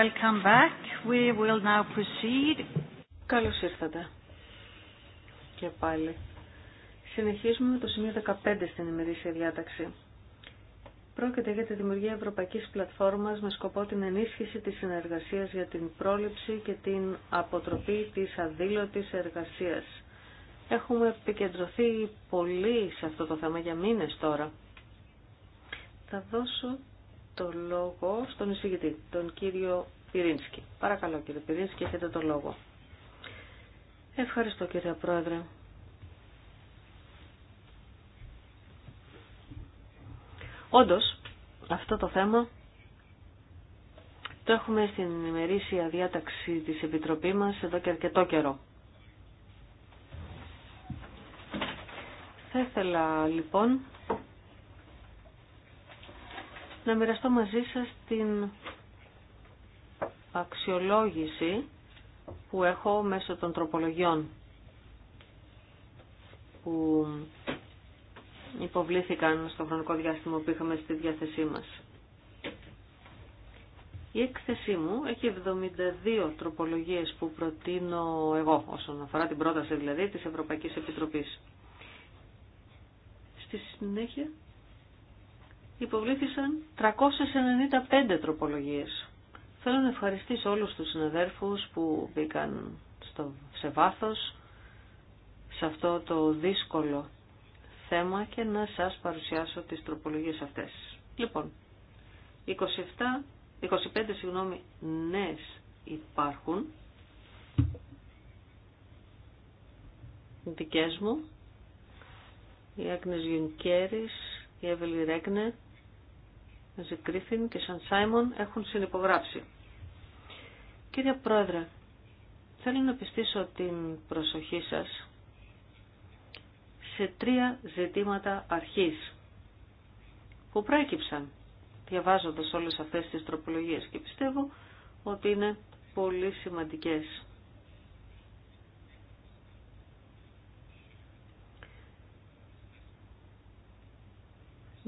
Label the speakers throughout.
Speaker 1: Welcome back. We will now proceed. Καλώς ήρθατε. Και πάλι. Συνεχίζουμε με το σημείο 15 στην ημερήσια διάταξη. Πρόκειται για τη δημιουργία Ευρωπαϊκής Πλατφόρμας με σκοπό την ενίσχυση της συνεργασίας για την πρόληψη και την αποτροπή της αδήλωτης εργασίας. Έχουμε επικεντρωθεί πολύ σε αυτό το θέμα για μήνες τώρα. Θα δώσω το λόγο στον εισηγητή, τον κύριο Πυρίνσκι. Παρακαλώ κύριε Πυρίνσκι, έχετε το λόγο. Ευχαριστώ κύριε Πρόεδρε. Όντως, αυτό το θέμα το έχουμε στην ημερήσια διάταξη της Επιτροπή μας εδώ και αρκετό καιρό. Θα ήθελα λοιπόν να μοιραστώ μαζί σας την αξιολόγηση που έχω μέσω των τροπολογιών που υποβλήθηκαν στο χρονικό διάστημα που είχαμε στη διάθεσή μας. Η έκθεσή μου έχει 72 τροπολογίες που προτείνω εγώ όσον αφορά την πρόταση δηλαδή της Ευρωπαϊκής Επιτροπής. Στη συνέχεια υποβλήθησαν 395 τροπολογίες. Θέλω να ευχαριστήσω όλους τους συναδέρφους που μπήκαν στο, σε βάθος σε αυτό το δύσκολο θέμα και να σας παρουσιάσω τις τροπολογίες αυτές. Λοιπόν, 27, 25 συγγνώμη, νές υπάρχουν. Δικές μου, η Άγνες Γιουνκέρης, η Εύελη Ρέγνετ, Μαζί και Σαν Σάιμον έχουν συνυπογράψει. Κύριε Πρόεδρε, θέλω να πιστήσω την προσοχή σας σε τρία ζητήματα αρχής που προέκυψαν διαβάζοντας όλες αυτές τις τροπολογίες και πιστεύω ότι είναι πολύ σημαντικές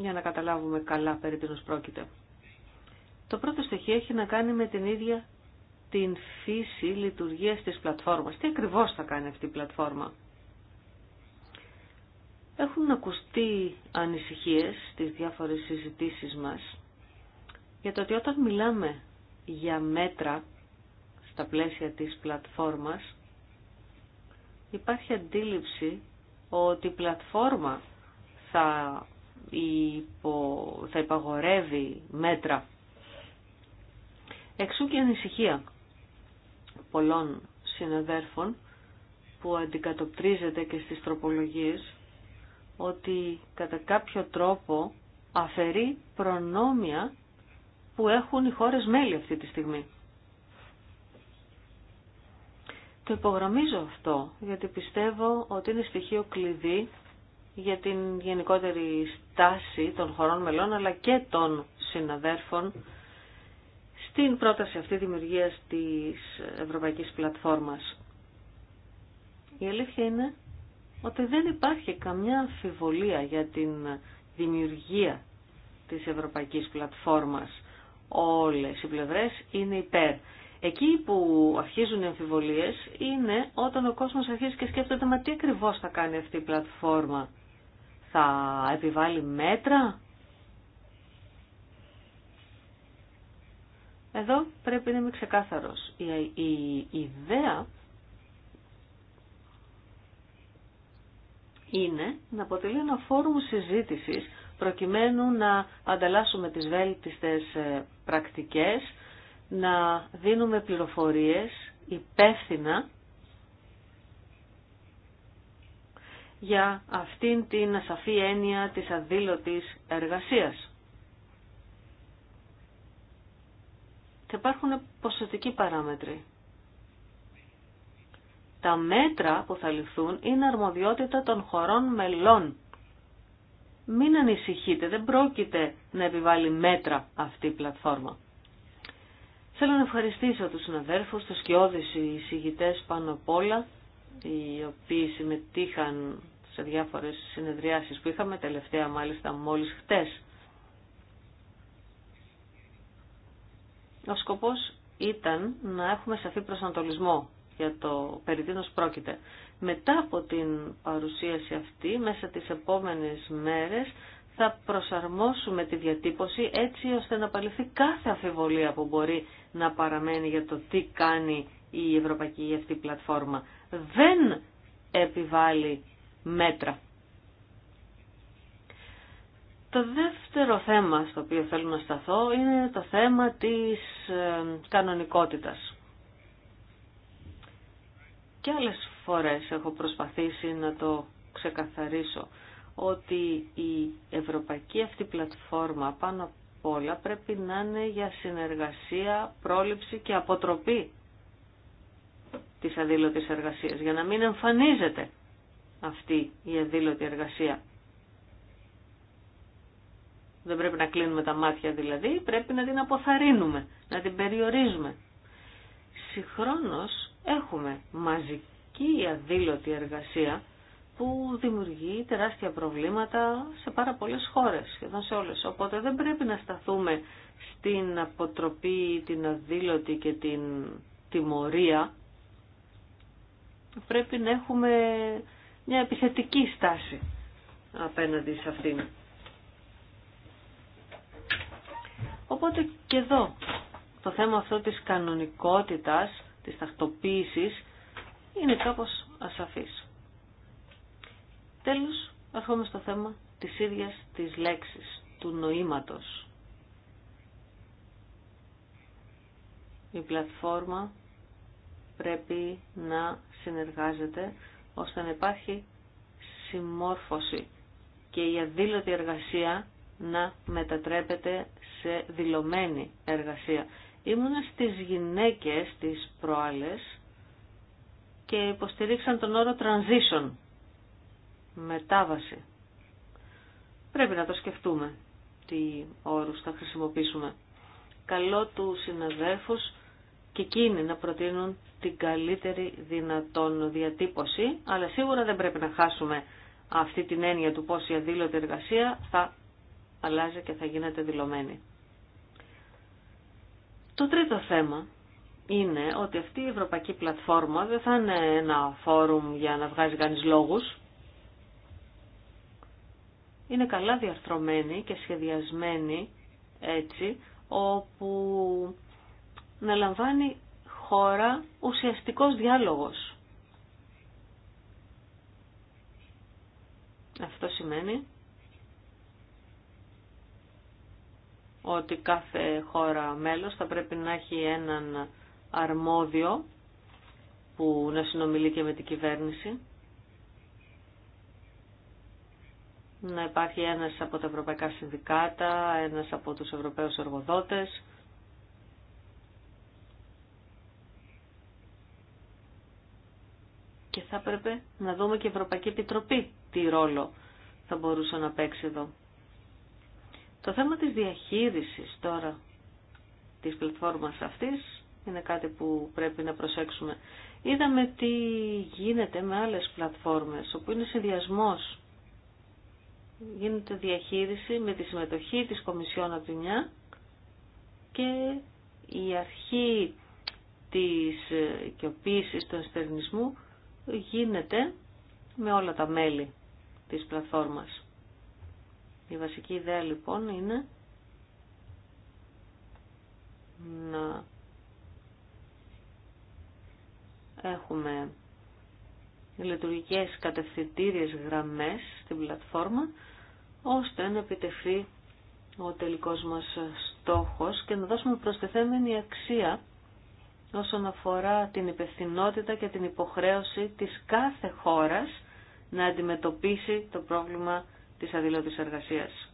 Speaker 1: για να καταλάβουμε καλά περί τίνος πρόκειται. Το πρώτο στοιχείο έχει να κάνει με την ίδια την φύση λειτουργίας της πλατφόρμας. Τι ακριβώς θα κάνει αυτή η πλατφόρμα. Έχουν ακουστεί ανησυχίες στις διάφορες συζητήσεις μας για το ότι όταν μιλάμε για μέτρα στα πλαίσια της πλατφόρμας υπάρχει αντίληψη ότι η πλατφόρμα θα υπο, θα υπαγορεύει μέτρα. Εξού και ανησυχία πολλών συναδέρφων που αντικατοπτρίζεται και στις τροπολογίες ότι κατά κάποιο τρόπο αφαιρεί προνόμια που έχουν οι χώρες μέλη αυτή τη στιγμή. Το υπογραμμίζω αυτό γιατί πιστεύω ότι είναι στοιχείο κλειδί για την γενικότερη στάση των χωρών μελών αλλά και των συναδέρφων στην πρόταση αυτή δημιουργία της Ευρωπαϊκής Πλατφόρμας. Η αλήθεια είναι ότι δεν υπάρχει καμιά αμφιβολία για την δημιουργία της Ευρωπαϊκής Πλατφόρμας. Όλες οι πλευρές είναι υπέρ. Εκεί που αρχίζουν οι αμφιβολίες είναι όταν ο κόσμος αρχίζει και σκέφτεται μα τι ακριβώς θα κάνει αυτή η πλατφόρμα θα επιβάλλει μέτρα. Εδώ πρέπει να είμαι ξεκάθαρος. Η, η, ιδέα είναι να αποτελεί ένα φόρουμ συζήτησης προκειμένου να ανταλλάσσουμε τις βέλτιστες ε, πρακτικές, να δίνουμε πληροφορίες υπεύθυνα για αυτήν την ασαφή έννοια της αδήλωτης εργασίας. Και υπάρχουν ποσοτικοί παράμετροι. Τα μέτρα που θα ληφθούν είναι αρμοδιότητα των χωρών μελών. Μην ανησυχείτε, δεν πρόκειται να επιβάλλει μέτρα αυτή η πλατφόρμα. Θέλω να ευχαριστήσω τους συναδέρφους, τους σκιώδεις εισηγητές πάνω απ' όλα οι οποίοι συμμετείχαν σε διάφορες συνεδριάσεις που είχαμε τελευταία μάλιστα μόλις χτες. Ο σκοπός ήταν να έχουμε σαφή προσανατολισμό για το περί πρόκειται. Μετά από την παρουσίαση αυτή, μέσα τις επόμενες μέρες, θα προσαρμόσουμε τη διατύπωση έτσι ώστε να παληθεί κάθε αφιβολία που μπορεί να παραμένει για το τι κάνει η Ευρωπαϊκή αυτή πλατφόρμα δεν επιβάλλει μέτρα. Το δεύτερο θέμα στο οποίο θέλω να σταθώ είναι το θέμα της ε, κανονικότητας. Και άλλες φορές έχω προσπαθήσει να το ξεκαθαρίσω ότι η ευρωπαϊκή αυτή πλατφόρμα πάνω απ' όλα πρέπει να είναι για συνεργασία, πρόληψη και αποτροπή της αδήλωτης εργασίας, για να μην εμφανίζεται αυτή η αδήλωτη εργασία. Δεν πρέπει να κλείνουμε τα μάτια δηλαδή, πρέπει να την αποθαρρύνουμε, να την περιορίζουμε. Συγχρόνως έχουμε μαζική αδήλωτη εργασία που δημιουργεί τεράστια προβλήματα σε πάρα πολλές χώρες, σχεδόν σε όλες. Οπότε δεν πρέπει να σταθούμε στην αποτροπή, την αδήλωτη και την τιμωρία πρέπει να έχουμε μια επιθετική στάση απέναντι σε αυτήν. Οπότε και εδώ το θέμα αυτό της κανονικότητας, της τακτοποίησης, είναι κάπως ασαφής. Τέλος, αρχόμαστε στο θέμα της ίδιας της λέξης, του νοήματος. Η πλατφόρμα πρέπει να συνεργάζεται ώστε να υπάρχει συμμόρφωση και η αδήλωτη εργασία να μετατρέπεται σε δηλωμένη εργασία. Ήμουν στις γυναίκες τις προάλλες και υποστηρίξαν τον όρο transition, μετάβαση. Πρέπει να το σκεφτούμε τι όρους θα χρησιμοποιήσουμε. Καλό του συναδέλφους και εκείνοι να προτείνουν την καλύτερη δυνατόν διατύπωση, αλλά σίγουρα δεν πρέπει να χάσουμε αυτή την έννοια του πώς η αδήλωτη εργασία θα αλλάζει και θα γίνεται δηλωμένη. Το τρίτο θέμα είναι ότι αυτή η ευρωπαϊκή πλατφόρμα δεν θα είναι ένα φόρουμ για να βγάζει κανείς λόγους. Είναι καλά διαρθρωμένη και σχεδιασμένη έτσι, όπου να λαμβάνει χώρα ουσιαστικός διάλογος. Αυτό σημαίνει ότι κάθε χώρα μέλος θα πρέπει να έχει έναν αρμόδιο που να συνομιλεί και με την κυβέρνηση. Να υπάρχει ένας από τα ευρωπαϊκά συνδικάτα, ένας από τους ευρωπαίους εργοδότες, και θα έπρεπε να δούμε και η Ευρωπαϊκή Επιτροπή τι ρόλο θα μπορούσε να παίξει εδώ. Το θέμα της διαχείρισης τώρα της πλατφόρμας αυτής είναι κάτι που πρέπει να προσέξουμε. Είδαμε τι γίνεται με άλλες πλατφόρμες, όπου είναι συνδυασμό. Γίνεται διαχείριση με τη συμμετοχή της Κομισιόν από και η αρχή της οικειοποίησης του εστερνισμού γίνεται με όλα τα μέλη της πλατφόρμας. Η βασική ιδέα λοιπόν είναι να έχουμε λειτουργικές κατευθυντήριες γραμμές στην πλατφόρμα ώστε να επιτευχθεί ο τελικός μας στόχος και να δώσουμε προστεθέμενη αξία όσον αφορά την υπευθυνότητα και την υποχρέωση της κάθε χώρας να αντιμετωπίσει το πρόβλημα της αδειλώτης εργασίας.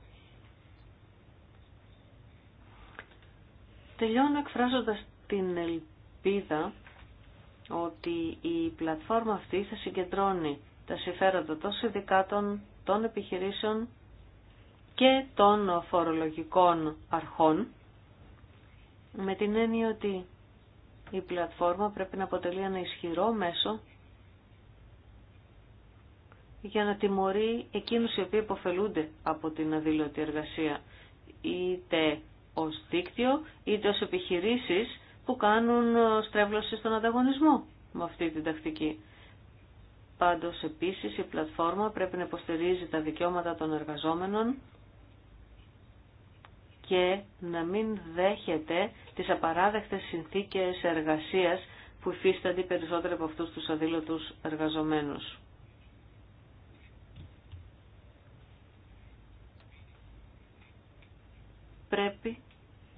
Speaker 1: Τελειώνω εκφράζοντας την ελπίδα ότι η πλατφόρμα αυτή θα συγκεντρώνει τα συμφέροντα των συνδικάτων, των επιχειρήσεων και των φορολογικών αρχών με την έννοια ότι η πλατφόρμα πρέπει να αποτελεί ένα ισχυρό μέσο για να τιμωρεί εκείνους οι οποίοι υποφελούνται από την αδήλωτη εργασία, είτε ως δίκτυο, είτε ως επιχειρήσεις που κάνουν ε, στρέβλωση στον ανταγωνισμό με αυτή την τακτική. Πάντως, επίσης, η πλατφόρμα πρέπει να υποστηρίζει τα δικαιώματα των εργαζόμενων και να μην δέχεται τις απαράδεκτες συνθήκες εργασίας που υφίστανται περισσότερο από αυτούς τους αδήλωτους εργαζομένους. Πρέπει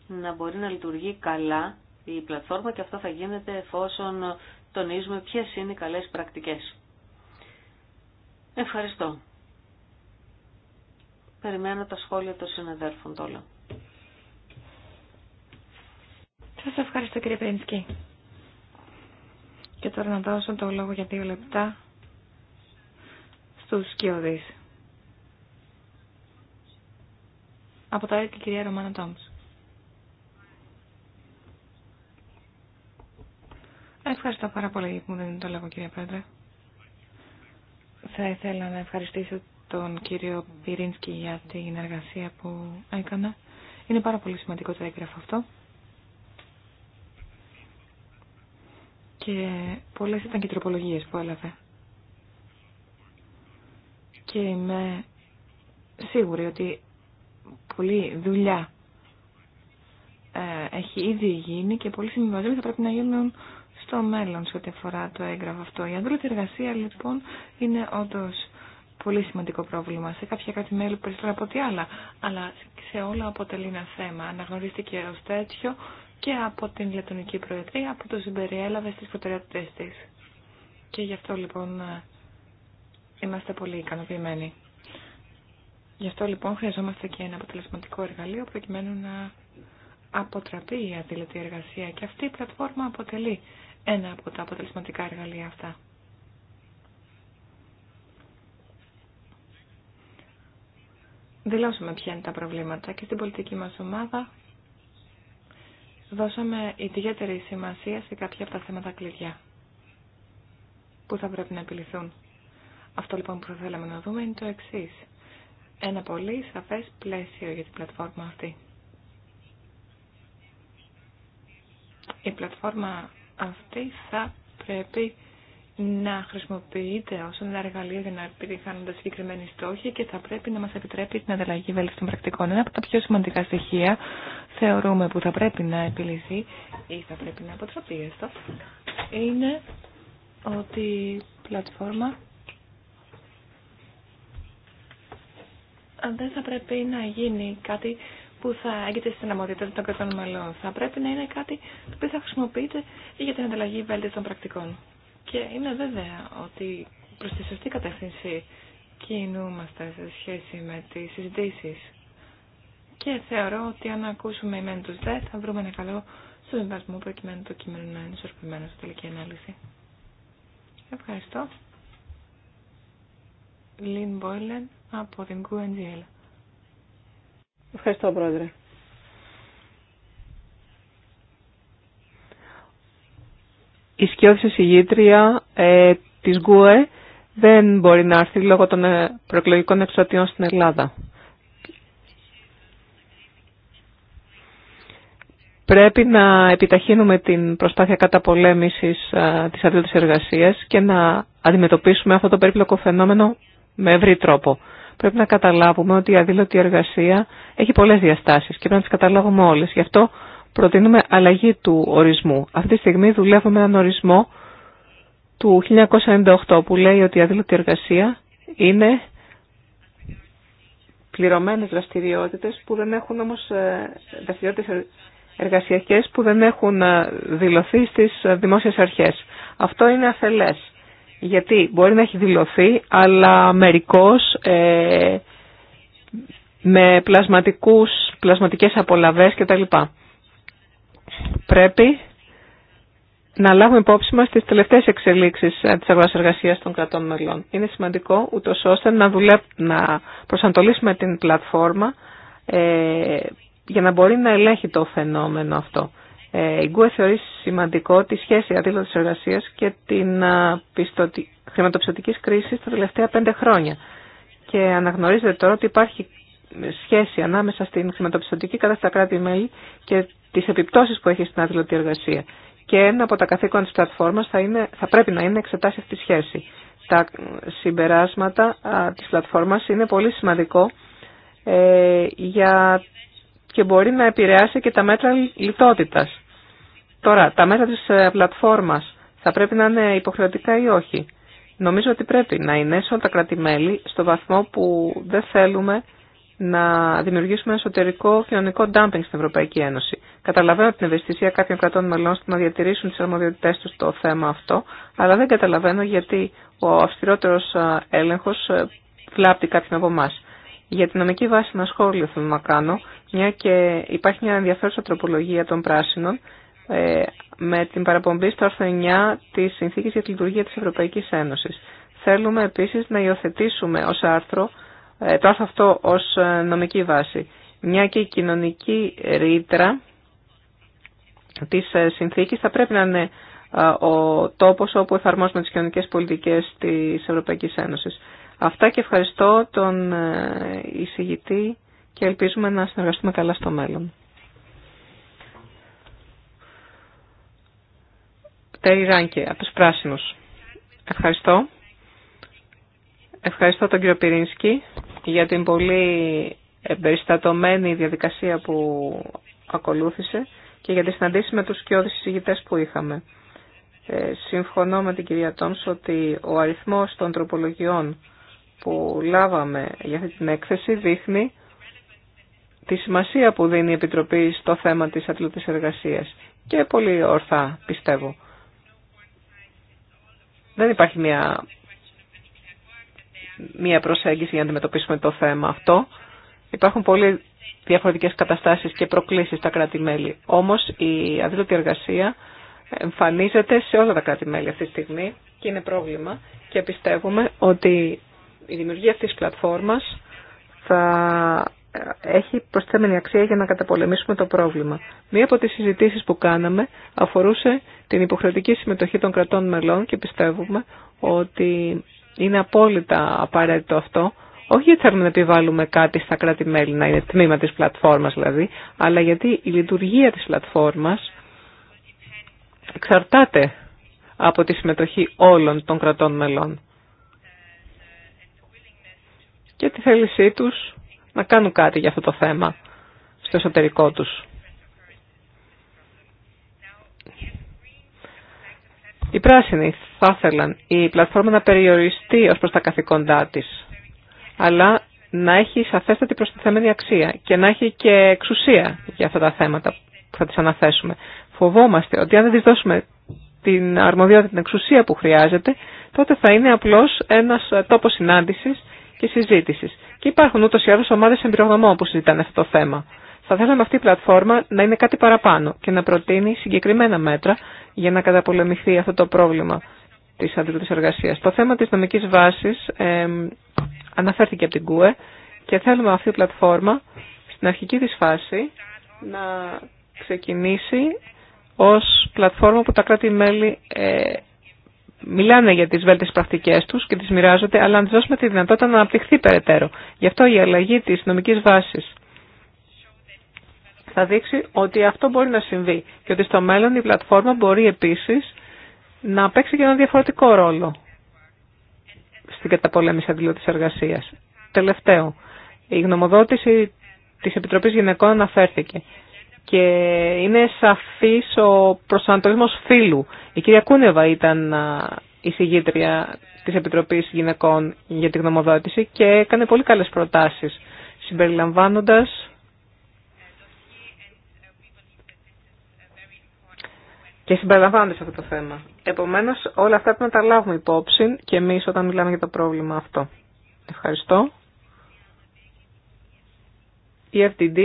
Speaker 1: να μπορεί να λειτουργεί καλά η πλατφόρμα και αυτό θα γίνεται εφόσον τονίζουμε ποιες είναι οι καλές πρακτικές. Ευχαριστώ. Περιμένω τα σχόλια των συναδέρφων τώρα.
Speaker 2: Σα ευχαριστώ κύριε Πρινσκή. Και τώρα να δώσω το λόγο για δύο λεπτά στους σκιώδεις. Από τα έτη κυρία Ρωμάνα Τόμς. Ευχαριστώ πάρα πολύ που μου δίνετε το λόγο κυρία Πρόεδρε. Θα ήθελα να ευχαριστήσω τον κύριο Πυρίνσκι για την εργασία που έκανα. Είναι πάρα πολύ σημαντικό το έγγραφο αυτό. Και πολλές ήταν και τροπολογίες που έλαβε. Και είμαι σίγουρη ότι πολλή δουλειά ε, έχει ήδη γίνει και πολλοί συμβιβασμοί θα πρέπει να γίνουν στο μέλλον σε ό,τι αφορά το έγγραφο αυτό. Η ανδρούτη εργασία λοιπόν είναι όντω πολύ σημαντικό πρόβλημα. Σε κάποια κάτι μέλη περισσότερο από ό,τι άλλα, αλλά σε όλα αποτελεί ένα θέμα. Αναγνωρίστηκε ω τέτοιο και από την Λετωνική Προεδρία που το συμπεριέλαβε στις προτεραιότητες της. Και γι' αυτό λοιπόν είμαστε πολύ ικανοποιημένοι. Γι' αυτό λοιπόν χρειαζόμαστε και ένα αποτελεσματικό εργαλείο προκειμένου να αποτραπεί η αδηλωτή εργασία και αυτή η πλατφόρμα αποτελεί ένα από τα αποτελεσματικά εργαλεία αυτά. Δηλώσουμε ποια είναι τα προβλήματα και στην πολιτική μας ομάδα δώσαμε ιδιαίτερη σημασία σε κάποια από τα θέματα κλειδιά που θα πρέπει να επιληθούν. Αυτό λοιπόν που θα θέλαμε να δούμε είναι το εξή. Ένα πολύ σαφές πλαίσιο για την πλατφόρμα αυτή. Η πλατφόρμα αυτή θα πρέπει να χρησιμοποιείται ως ένα εργαλείο για να επιτυχάνονται συγκεκριμένοι στόχοι και θα πρέπει να μας επιτρέπει την ανταλλαγή των πρακτικών. Ένα από τα πιο σημαντικά στοιχεία θεωρούμε που θα πρέπει να επιληθεί ή θα πρέπει να αποτραπεί έστω είναι ότι η πλατφόρμα δεν θα πρέπει να γίνει κάτι που θα έγκυται στην αμμοδιότητα των κρατών μελών. Θα πρέπει να είναι κάτι που θα χρησιμοποιείται για την ανταλλαγή βέλτιστων πρακτικών. Και είναι βέβαια ότι προ τη σωστή κατεύθυνση κινούμαστε σε σχέση με τι συζητήσει. Και θεωρώ ότι αν ακούσουμε οι μένου δε θα βρούμε ένα καλό συμβασμό προκειμένου το κείμενο να είναι ισορροπημένο στη τελική ανάλυση. Ευχαριστώ. Λίν Μπόιλεν από την QNGL.
Speaker 3: Ευχαριστώ, Πρόεδρε. σε συγγήτρια ε, της ΓΚΟΕ δεν μπορεί να έρθει λόγω των ε, προεκλογικών εξωτιών στην Ελλάδα. Πρέπει να επιταχύνουμε την προσπάθεια καταπολέμησης α, ε, της αδίλωτης εργασίας και να αντιμετωπίσουμε αυτό το περίπλοκο φαινόμενο με ευρύ τρόπο. Πρέπει να καταλάβουμε ότι η αδίλωτη εργασία έχει πολλές διαστάσεις και πρέπει να τις καταλάβουμε όλες. Γι' αυτό προτείνουμε αλλαγή του ορισμού. Αυτή τη στιγμή δουλεύουμε έναν ορισμό του 1998 που λέει ότι η αδήλωτη εργασία είναι πληρωμένες δραστηριότητες που δεν έχουν όμως ε, δραστηριότητες εργασιακές που δεν έχουν ε, δηλωθεί στις ε, δημόσιες αρχές. Αυτό είναι αφελές. Γιατί μπορεί να έχει δηλωθεί, αλλά μερικώς ε, με πλασματικούς, πλασματικές απολαβές κτλ πρέπει να λάβουμε υπόψη μας τις τελευταίες εξελίξεις ε, της αγοράς εργασίας των κρατών μελών. Είναι σημαντικό ούτω ώστε να, δουλε... να προσανατολίσουμε την πλατφόρμα ε, για να μπορεί να ελέγχει το φαινόμενο αυτό. Ε, η ΓΚΟΕ θεωρεί σημαντικό τη σχέση αδίλωτης εργασίας και την ε, πιστοτι... κρίση στα τα τελευταία πέντε χρόνια. Και αναγνωρίζεται τώρα ότι υπάρχει σχέση ανάμεσα στην χρηματοπιστωτική κατάσταση στα κράτη-μέλη και τι επιπτώσει που έχει στην άδειλωτη εργασία. Και ένα από τα καθήκοντα τη πλατφόρμα θα, θα πρέπει να είναι εξετάσει αυτή τη σχέση. Τα συμπεράσματα τη πλατφόρμα είναι πολύ σημαντικό ε, για, και μπορεί να επηρεάσει και τα μέτρα λιτότητα. Τώρα, τα μέτρα της ε, πλατφόρμα θα πρέπει να είναι υποχρεωτικά ή όχι. Νομίζω ότι πρέπει να είναι σε όλα τα μελη στο βαθμό που δεν θέλουμε να δημιουργήσουμε εσωτερικό κοινωνικό ντάμπινγκ στην Ευρωπαϊκή Ένωση. Καταλαβαίνω την ευαισθησία κάποιων κρατών μελών στο να διατηρήσουν τι αρμοδιότητέ του στο θέμα αυτό, αλλά δεν καταλαβαίνω γιατί ο αυστηρότερο έλεγχο βλάπτει κάποιον από εμά. Για την νομική βάση ένα σχόλιο θέλω να κάνω, μια και υπάρχει μια ενδιαφέρουσα τροπολογία των πράσινων ε, με την παραπομπή στο άρθρο 9 τη Συνθήκη για τη Λειτουργία τη Ευρωπαϊκή Ένωση. Θέλουμε επίση να υιοθετήσουμε ω άρθρο ε, το αυτό ως ε, νομική βάση. Μια και η κοινωνική ρήτρα της ε, συνθήκης θα πρέπει να είναι ο τόπος όπου εφαρμόζουμε τις κοινωνικές πολιτικές της Ευρωπαϊκής Ένωσης. Αυτά και ευχαριστώ τον εισηγητή και ελπίζουμε να συνεργαστούμε καλά στο μέλλον. Τέρι Ράνκε, από τους Πράσινους. Ευχαριστώ. Ευχαριστώ τον κύριο Πυρίνσκι για την πολύ εμπεριστατωμένη διαδικασία που ακολούθησε και για τις συναντήσεις με τους σκιώδης συζητητές που είχαμε. Ε, συμφωνώ με την κυρία Τόμς ότι ο αριθμός των τροπολογιών που λάβαμε για αυτή την έκθεση δείχνει τη σημασία που δίνει η Επιτροπή στο θέμα της ατλούτης εργασίας και πολύ ορθά πιστεύω. Δεν υπάρχει μια μία προσέγγιση για να αντιμετωπίσουμε το θέμα αυτό. Υπάρχουν πολλοί διαφορετικές καταστάσεις και προκλήσεις στα κράτη-μέλη. Όμως η αδίλωτη εργασία εμφανίζεται σε όλα τα κράτη-μέλη αυτή τη στιγμή και είναι πρόβλημα και πιστεύουμε ότι η δημιουργία αυτής της πλατφόρμας θα έχει προσθέμενη αξία για να καταπολεμήσουμε το πρόβλημα. Μία από τις συζητήσεις που κάναμε αφορούσε την υποχρεωτική συμμετοχή των κρατών μελών και πιστεύουμε ότι είναι απόλυτα απαραίτητο αυτό. Όχι γιατί θέλουμε να επιβάλλουμε κάτι στα κράτη-μέλη, να είναι τμήμα της πλατφόρμας δηλαδή, αλλά γιατί η λειτουργία της πλατφόρμας εξαρτάται από τη συμμετοχή όλων των κρατών μελών και τη θέλησή τους να κάνουν κάτι για αυτό το θέμα στο εσωτερικό τους. Οι πράσινοι θα ήθελαν η πλατφόρμα να περιοριστεί ως προς τα καθηκόντά της, αλλά να έχει σαφέστατη προστιθέμενη αξία και να έχει και εξουσία για αυτά τα θέματα που θα τις αναθέσουμε. Φοβόμαστε ότι αν δεν της δώσουμε την αρμοδιότητα, την εξουσία που χρειάζεται, τότε θα είναι απλώς ένας τόπος συνάντησης και συζήτησης. Και υπάρχουν ούτως ή άλλως ομάδες εμπειρογνωμών που συζητάνε αυτό το θέμα. Θα θέλαμε αυτή η πλατφόρμα να είναι κάτι παραπάνω και να προτείνει συγκεκριμένα μέτρα για να καταπολεμηθεί αυτό το πρόβλημα της αντιδρούτης εργασίας. Το θέμα της νομικής βάσης ε, αναφέρθηκε από την ΚΟΕ και θέλουμε αυτή η πλατφόρμα στην αρχική της φάση να ξεκινήσει ως πλατφόρμα που τα κράτη-μέλη ε, μιλάνε για τις βέλτιες πρακτικές τους και τις μοιράζονται, αλλά να δώσουμε τη δυνατότητα να αναπτυχθεί περαιτέρω. Γι' αυτό η αλλαγή της νομικής βάσης θα δείξει ότι αυτό μπορεί να συμβεί και ότι στο μέλλον η πλατφόρμα μπορεί επίσης να παίξει και ένα διαφορετικό ρόλο στην καταπολέμηση αντιλωτής εργασίας. Τελευταίο, η γνωμοδότηση της Επιτροπής Γυναικών αναφέρθηκε και είναι σαφής ο προσανατολισμός φύλου. Η κυρία Κούνεβα ήταν η συγγήτρια της Επιτροπής Γυναικών για τη γνωμοδότηση και έκανε πολύ καλές προτάσεις συμπεριλαμβάνοντας και συμπεριλαμβάνονται σε αυτό το θέμα. Επομένως, όλα αυτά πρέπει να τα λάβουμε υπόψη και εμείς όταν μιλάμε για το πρόβλημα αυτό. Ευχαριστώ. Η FTD,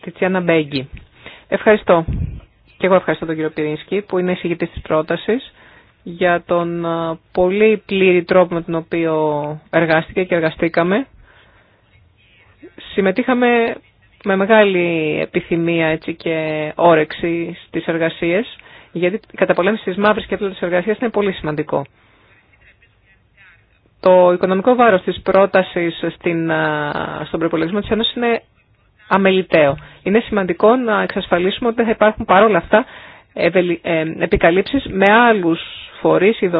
Speaker 3: Τιτσιάνα Μπέγκη. Ευχαριστώ. Και εγώ ευχαριστώ τον κύριο Πυρίνσκι που είναι εισηγητής τη πρόταση για τον πολύ πλήρη τρόπο με τον οποίο εργάστηκε και εργαστήκαμε. Συμμετείχαμε με μεγάλη επιθυμία έτσι, και όρεξη στις εργασίε, γιατί η καταπολέμηση τη μαύρη και της εργασία είναι πολύ σημαντικό. Το οικονομικό βάρο της πρότασης στον προπολογισμό τη Ένωση είναι αμεληταίο. Είναι σημαντικό να εξασφαλίσουμε ότι θα υπάρχουν παρόλα αυτά ε, επικαλύψεις με άλλους φορεί ή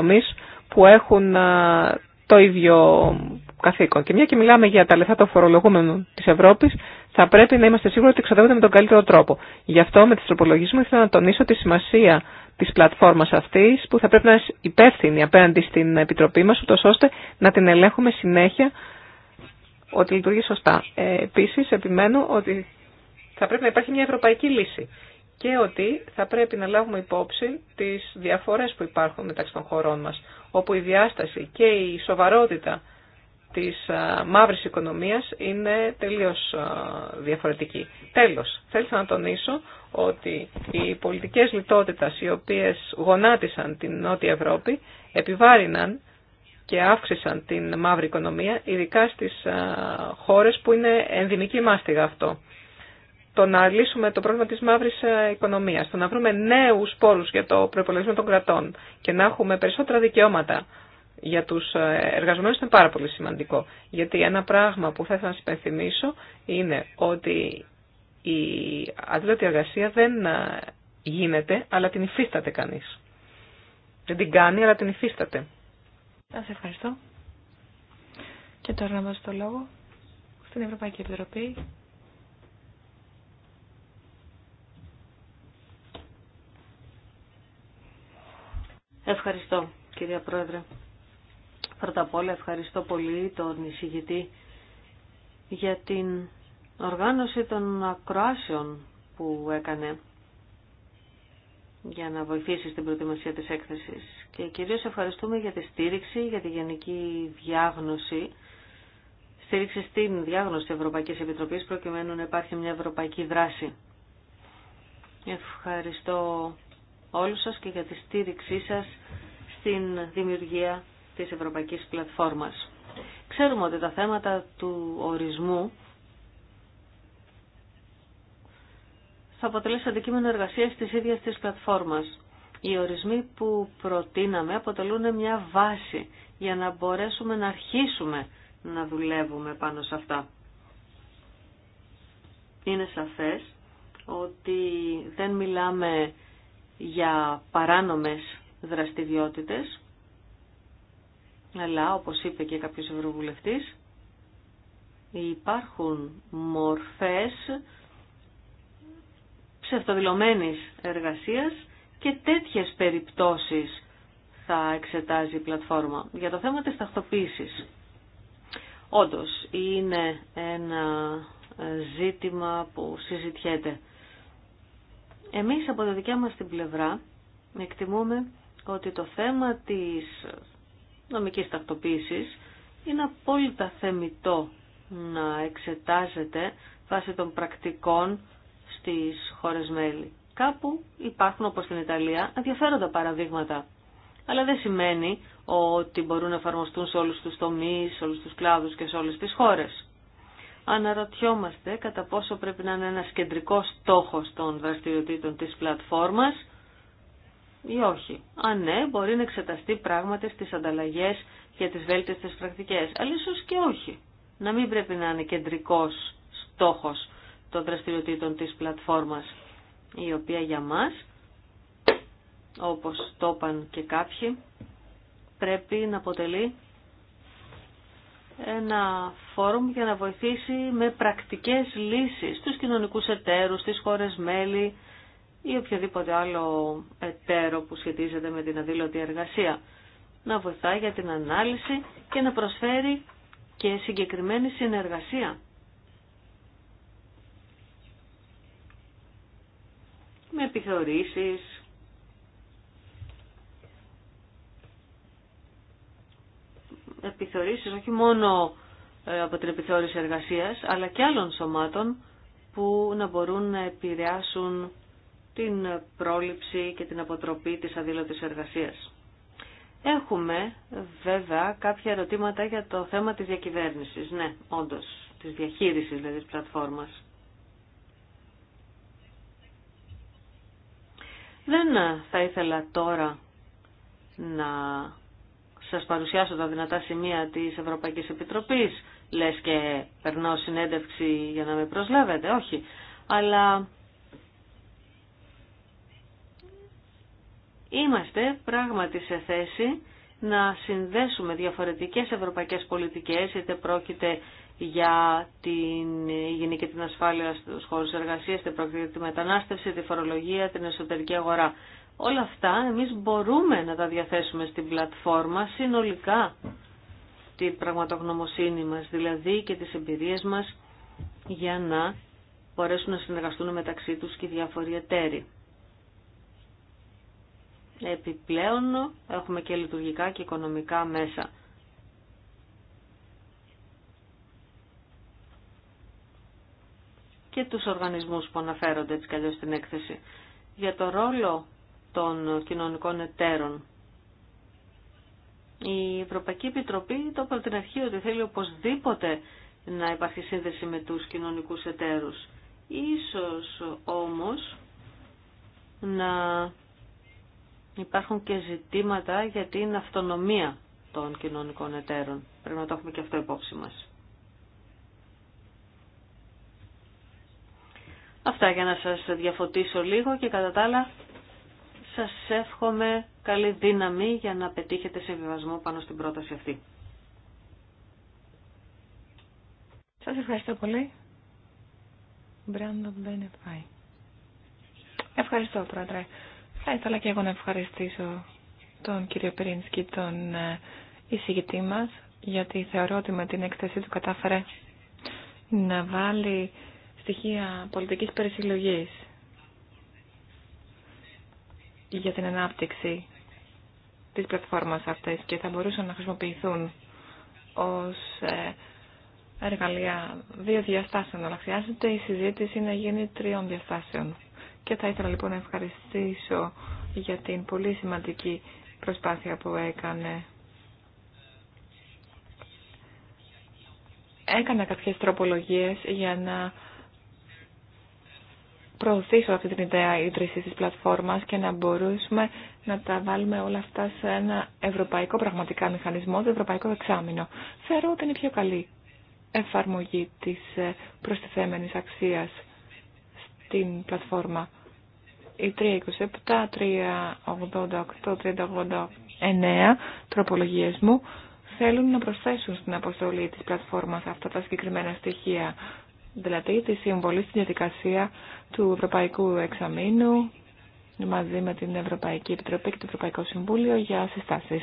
Speaker 3: που έχουν το ίδιο καθήκον. Και μια και μιλάμε για τα λεφτά των φορολογούμενων τη Ευρώπη, θα πρέπει να είμαστε σίγουροι ότι εξοδεύονται με τον καλύτερο τρόπο. Γι' αυτό με τι τροπολογίε μου ήθελα να τονίσω τη σημασία τη πλατφόρμα αυτή, που θα πρέπει να είναι υπεύθυνη απέναντι στην Επιτροπή μα, ούτω ώστε να την ελέγχουμε συνέχεια ότι λειτουργεί σωστά. Ε, Επίση, επιμένω ότι θα πρέπει να υπάρχει μια ευρωπαϊκή λύση και ότι θα πρέπει να λάβουμε υπόψη τις διαφορές που υπάρχουν μεταξύ των χωρών μας, όπου η διάσταση και η σοβαρότητα της μαύρης οικονομίας είναι τελείως διαφορετική. Τέλος, θέλω να τονίσω ότι οι πολιτικές λιτότητας οι οποίες γονάτισαν την Νότια Ευρώπη επιβάρυναν και αύξησαν την μαύρη οικονομία, ειδικά στις χώρες που είναι ενδυμική μάστιγα αυτό. Το να λύσουμε το πρόβλημα της μαύρης οικονομίας, το να βρούμε νέους πόρους για το προπολογισμό των κρατών και να έχουμε περισσότερα δικαιώματα για τους ε, εργαζομένου είναι πάρα πολύ σημαντικό. Γιατί ένα πράγμα που θα ήθελα να σα υπενθυμίσω είναι ότι η αντίθετη εργασία δεν ε, γίνεται, αλλά την υφίσταται κανεί. Δεν την κάνει, αλλά την υφίσταται.
Speaker 2: Σας ευχαριστώ. Και τώρα να δώσω το λόγο στην Ευρωπαϊκή Επιτροπή.
Speaker 1: Ευχαριστώ, κυρία Πρόεδρε. Πρώτα απ' όλα ευχαριστώ πολύ τον εισηγητή για την οργάνωση των ακροάσεων που έκανε για να βοηθήσει στην προετοιμασία της έκθεσης. Και κυρίως ευχαριστούμε για τη στήριξη, για τη γενική διάγνωση, στήριξη στην διάγνωση της Ευρωπαϊκής Επιτροπής προκειμένου να υπάρχει μια ευρωπαϊκή δράση. Ευχαριστώ όλους σας και για τη στήριξή σας στην δημιουργία της Ευρωπαϊκής Πλατφόρμας. Ξέρουμε ότι τα θέματα του ορισμού θα αποτελέσει αντικείμενο εργασία της ίδια της πλατφόρμας. Οι ορισμοί που προτείναμε αποτελούν μια βάση για να μπορέσουμε να αρχίσουμε να δουλεύουμε πάνω σε αυτά. Είναι σαφές ότι δεν μιλάμε για παράνομες δραστηριότητες, αλλά, όπως είπε και κάποιος ευρωβουλευτής, υπάρχουν μορφές ψευτοδηλωμένης εργασίας και τέτοιες περιπτώσεις θα εξετάζει η πλατφόρμα. Για το θέμα της ταυτοποίησης. Όντως, είναι ένα ζήτημα που συζητιέται. Εμείς από τη δικιά μας την πλευρά εκτιμούμε ότι το θέμα της νομικής τακτοποίησης είναι απόλυτα θεμητό να εξετάζεται βάσει των πρακτικών στις χώρες μέλη. Κάπου υπάρχουν, όπως στην Ιταλία, ενδιαφέροντα παραδείγματα. Αλλά δεν σημαίνει ότι μπορούν να εφαρμοστούν σε όλους τους τομείς, σε όλους τους κλάδους και σε όλες τις χώρες. Αναρωτιόμαστε κατά πόσο πρέπει να είναι ένας κεντρικός στόχος των δραστηριοτήτων της πλατφόρμας ή όχι. Αν ναι, μπορεί να εξεταστεί πράγματα στις ανταλλαγές και τις βέλτιστες πρακτικές, αλλά ίσως και όχι. Να μην πρέπει να είναι κεντρικός στόχος των δραστηριοτήτων της πλατφόρμας, η οποία για μας, όπως το είπαν και κάποιοι, πρέπει να αποτελεί ένα φόρουμ για να βοηθήσει με πρακτικές λύσεις τους κοινωνικούς εταίρους, στις χώρες μέλη, ή οποιοδήποτε άλλο εταίρο που σχετίζεται με την αδήλωτη εργασία. Να βοηθάει για την ανάλυση και να προσφέρει και συγκεκριμένη συνεργασία. Με επιθεωρήσεις, επιθεωρήσεις όχι μόνο ε, από την επιθεώρηση εργασίας, αλλά και άλλων σωμάτων που να μπορούν να επηρεάσουν την πρόληψη και την αποτροπή της αδήλωτης εργασίας. Έχουμε βέβαια κάποια ερωτήματα για το θέμα της διακυβέρνησης, ναι, όντως, της διαχείρισης δηλαδή της πλατφόρμας. Δεν θα ήθελα τώρα να σας παρουσιάσω τα δυνατά σημεία της Ευρωπαϊκής Επιτροπής, λες και περνώ συνέντευξη για να με προσλάβετε, όχι. Αλλά είμαστε πράγματι σε θέση να συνδέσουμε διαφορετικές ευρωπαϊκές πολιτικές, είτε πρόκειται για την υγιεινή και την ασφάλεια στους χώρους εργασίας, είτε πρόκειται για τη μετανάστευση, τη φορολογία, την εσωτερική αγορά. Όλα αυτά εμείς μπορούμε να τα διαθέσουμε στην πλατφόρμα συνολικά την πραγματογνωμοσύνη μας, δηλαδή και τις εμπειρίες μας για να μπορέσουν να συνεργαστούν μεταξύ τους και οι διάφοροι Επιπλέον έχουμε και λειτουργικά και οικονομικά μέσα. και τους οργανισμούς που αναφέρονται έτσι καλώς στην έκθεση. Για το ρόλο των κοινωνικών εταίρων. Η Ευρωπαϊκή Επιτροπή το είπε την αρχή ότι θέλει οπωσδήποτε να υπάρχει σύνδεση με τους κοινωνικούς εταίρους. Ίσως όμως να Υπάρχουν και ζητήματα για την αυτονομία των κοινωνικών εταίρων. Πρέπει να το έχουμε και αυτό υπόψη μας. Αυτά για να σας διαφωτίσω λίγο και κατά τα άλλα σας εύχομαι καλή δύναμη για να πετύχετε σε βιβασμό πάνω στην πρόταση αυτή.
Speaker 2: Σας ευχαριστώ πολύ. Ευχαριστώ, Πρόεδρε. Θα ήθελα και εγώ να ευχαριστήσω τον κύριο Πυρίνσκι, τον ε, εισηγητή μας, γιατί θεωρώ ότι με την έκθεσή του κατάφερε να βάλει στοιχεία πολιτικής περισυλλογής για την ανάπτυξη της πλατφόρμας αυτής και θα μπορούσαν να χρησιμοποιηθούν ως ε, εργαλεία δύο διαστάσεων, αλλά χρειάζεται η συζήτηση να γίνει τριών διαστάσεων. Και θα ήθελα λοιπόν να ευχαριστήσω για την πολύ σημαντική προσπάθεια που έκανε. Έκανα κάποιες τροπολογίες για να προωθήσω αυτή την ιδέα ίδρυση της πλατφόρμας και να μπορούσουμε να τα βάλουμε όλα αυτά σε ένα ευρωπαϊκό πραγματικά μηχανισμό, το ευρωπαϊκό εξάμεινο. Θεωρώ ότι είναι η πιο καλή εφαρμογή της ε, προστιθέμενης αξίας την πλατφόρμα. Η 327, 388, 389 τροπολογίες μου θέλουν να προσθέσουν στην αποστολή της πλατφόρμας αυτά τα συγκεκριμένα στοιχεία, δηλαδή τη συμβολή στη διαδικασία του Ευρωπαϊκού Εξαμήνου μαζί με την Ευρωπαϊκή Επιτροπή και το Ευρωπαϊκό Συμβούλιο για συστάσεις.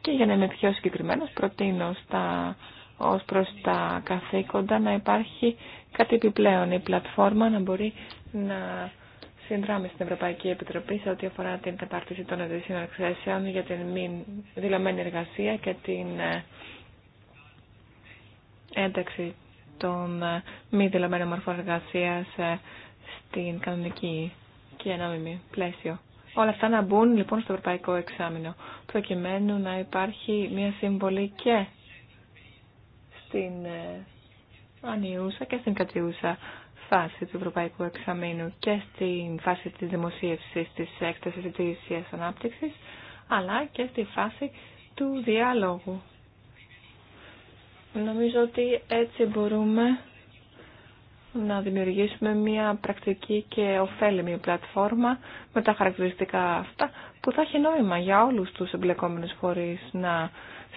Speaker 2: Και για να είμαι πιο συγκεκριμένο, προτείνω στα ως προς τα καθήκοντα να υπάρχει κάτι επιπλέον. Η πλατφόρμα να μπορεί να συνδράμει στην Ευρωπαϊκή Επιτροπή σε ό,τι αφορά την κατάρτιση των ειδήσεων εξαίσεων για την μη δηλωμένη εργασία και την ε, ένταξη των ε, μη δηλωμένων μορφών εργασία ε, στην κανονική και ενόμιμη πλαίσιο. Όλα αυτά να μπουν λοιπόν στο ευρωπαϊκό εξάμεινο, προκειμένου να υπάρχει μια συμβολή και στην ε, ανιούσα και στην κατιούσα φάση του Ευρωπαϊκού Εξαμήνου και στην φάση της δημοσίευσης της έκθεσης της ανάπτυξης, αλλά και στη φάση του διάλογου. Νομίζω ότι έτσι μπορούμε να δημιουργήσουμε μια πρακτική και ωφέλιμη πλατφόρμα με τα χαρακτηριστικά αυτά που θα έχει νόημα για όλους τους εμπλεκόμενους φορείς να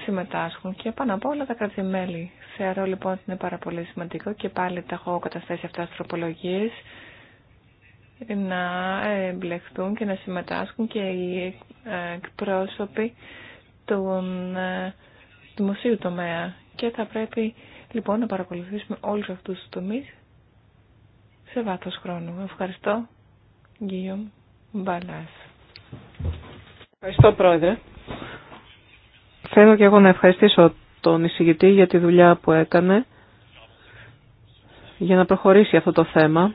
Speaker 2: συμμετάσχουν και πάνω από όλα τα κρατημέλη Θεωρώ λοιπόν ότι είναι πάρα πολύ σημαντικό και πάλι τα έχω καταθέσει αυτά στις να εμπλεχθούν και να συμμετάσχουν και οι εκπρόσωποι του ε, δημοσίου τομέα και θα πρέπει λοιπόν να παρακολουθήσουμε όλους αυτούς τους τομείς σε βάθος χρόνου. Ευχαριστώ. Γιώργο Μπαλάς. Ευχαριστώ
Speaker 3: Πρόεδρε. Θέλω και εγώ να ευχαριστήσω τον εισηγητή για τη δουλειά που έκανε για να προχωρήσει αυτό το θέμα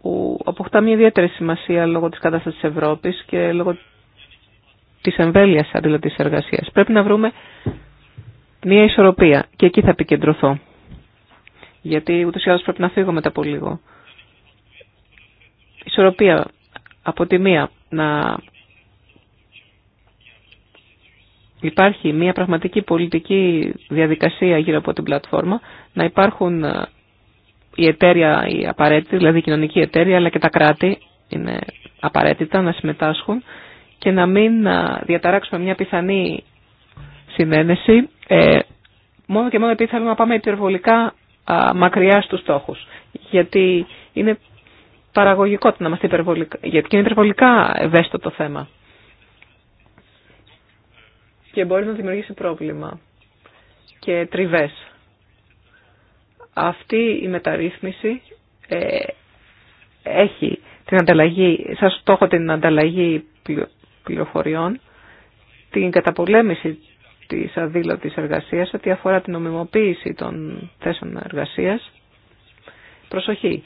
Speaker 3: που αποκτά μια ιδιαίτερη σημασία λόγω της κατάστασης της Ευρώπης και λόγω της εμβέλειας αντίλα της εργασίας. Πρέπει να βρούμε μια ισορροπία και εκεί θα επικεντρωθώ. Γιατί ούτε ή πρέπει να φύγω μετά από λίγο. Ισορροπία από τη μία να υπάρχει μια πραγματική πολιτική διαδικασία γύρω από την πλατφόρμα, να υπάρχουν ε, η εταίρια οι απαραίτητη, δηλαδή η κοινωνική εταίρια, αλλά και τα κράτη είναι απαραίτητα να συμμετάσχουν και να μην ε, διαταράξουμε μια πιθανή συνένεση ε, μόνο και μόνο επειδή θέλουμε να πάμε υπερβολικά μακριά στους στόχους. Γιατί είναι παραγωγικό να είμαστε υπερβολικά, γιατί είναι υπερβολικά ευαίσθητο το θέμα και μπορεί να δημιουργήσει πρόβλημα και τριβές. Αυτή η μεταρρύθμιση ε, έχει την ανταλλαγή, σαν στόχο την ανταλλαγή πληροφοριών, την καταπολέμηση της αδήλωτης εργασίας, ότι αφορά την ομιμοποίηση των θέσεων εργασίας. Προσοχή.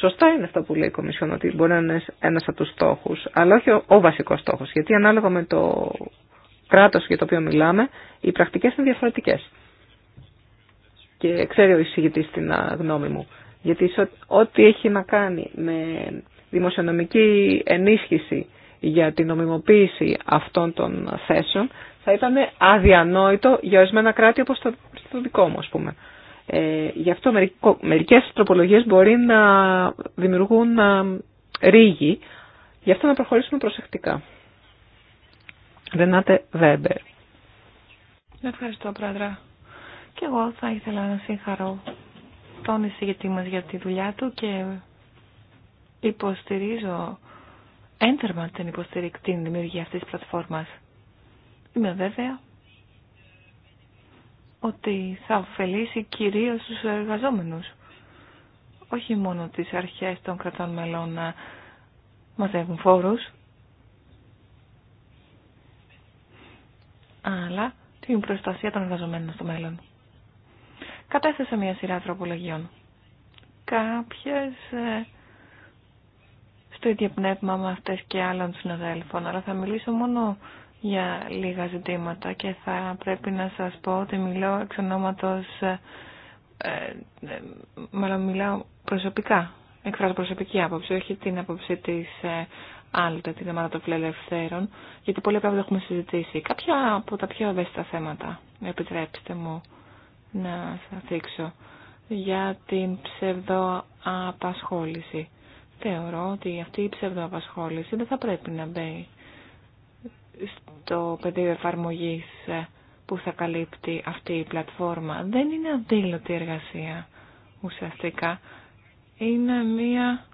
Speaker 3: Σωστά είναι αυτό που λέει η Κομισιόν, ότι μπορεί να είναι ένας από τους στόχους, αλλά όχι ο, ο βασικός στόχος, γιατί ανάλογα με το κράτος για το οποίο μιλάμε, οι πρακτικές είναι διαφορετικές. Και ξέρει ο εισηγητής την γνώμη μου. Γιατί ό,τι έχει να κάνει με δημοσιονομική ενίσχυση για την νομιμοποίηση αυτών των θέσεων θα ήταν αδιανόητο για ορισμένα κράτη όπως το, δικό μου, ας πούμε. Ε, γι' αυτό μερικέ μερικές τροπολογίες μπορεί να δημιουργούν ρήγη. Γι' αυτό να προχωρήσουμε προσεκτικά. Ρενάτε Βέμπερ.
Speaker 2: Ευχαριστώ, Πρόεδρε. Και εγώ θα ήθελα να συγχαρώ τον εισηγητή μας για τη δουλειά του και υποστηρίζω έντερμα την υποστηρικτή δημιουργία αυτής της πλατφόρμας. Είμαι βέβαια ότι θα ωφελήσει κυρίως τους εργαζόμενους. Όχι μόνο τις αρχές των κρατών μελών να μαζεύουν φόρους, αλλά την προστασία των εργαζομένων στο μέλλον. Κατέθεσα μια σειρά τροπολογιών. Κάποιες ε, στο ίδιο πνεύμα με αυτές και άλλων συναδέλφων, αλλά θα μιλήσω μόνο για λίγα ζητήματα και θα πρέπει να σας πω ότι μιλώ εξ ονόματος, ε, ε μάλλον μιλάω προσωπικά, εκφράζω προσωπική άποψη, όχι την άποψη της ε, Άλτε, τη θέματα των φιλελευθέρων, γιατί απλά πράγματα έχουμε συζητήσει. Κάποια από τα πιο ευαίσθητα θέματα, επιτρέψτε μου να σα δείξω, για την ψευδοαπασχόληση. Θεωρώ ότι αυτή η ψευδοαπασχόληση δεν θα πρέπει να μπει στο πεδίο εφαρμογή που θα καλύπτει αυτή η πλατφόρμα. Δεν είναι αδήλωτη εργασία ουσιαστικά. Είναι μία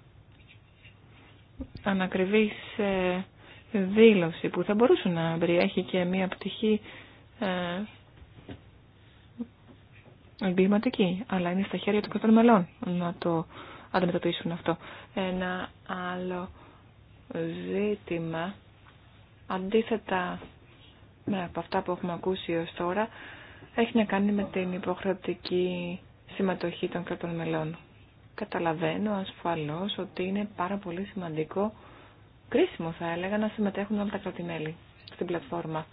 Speaker 2: ανακριβής ε, δήλωση που θα μπορούσε να έχει και μία πτυχή ε, εγκληματική, αλλά είναι στα χέρια των κρατών να το αντιμετωπίσουν αυτό. Ένα άλλο ζήτημα, αντίθετα με από αυτά που έχουμε ακούσει ως τώρα, έχει να κάνει με την υποχρεωτική συμμετοχή των κρατών μελών καταλαβαίνω ασφαλώς ότι είναι πάρα πολύ σημαντικό, κρίσιμο θα έλεγα, να συμμετέχουν όλα τα κρατημέλη στην πλατφόρμα.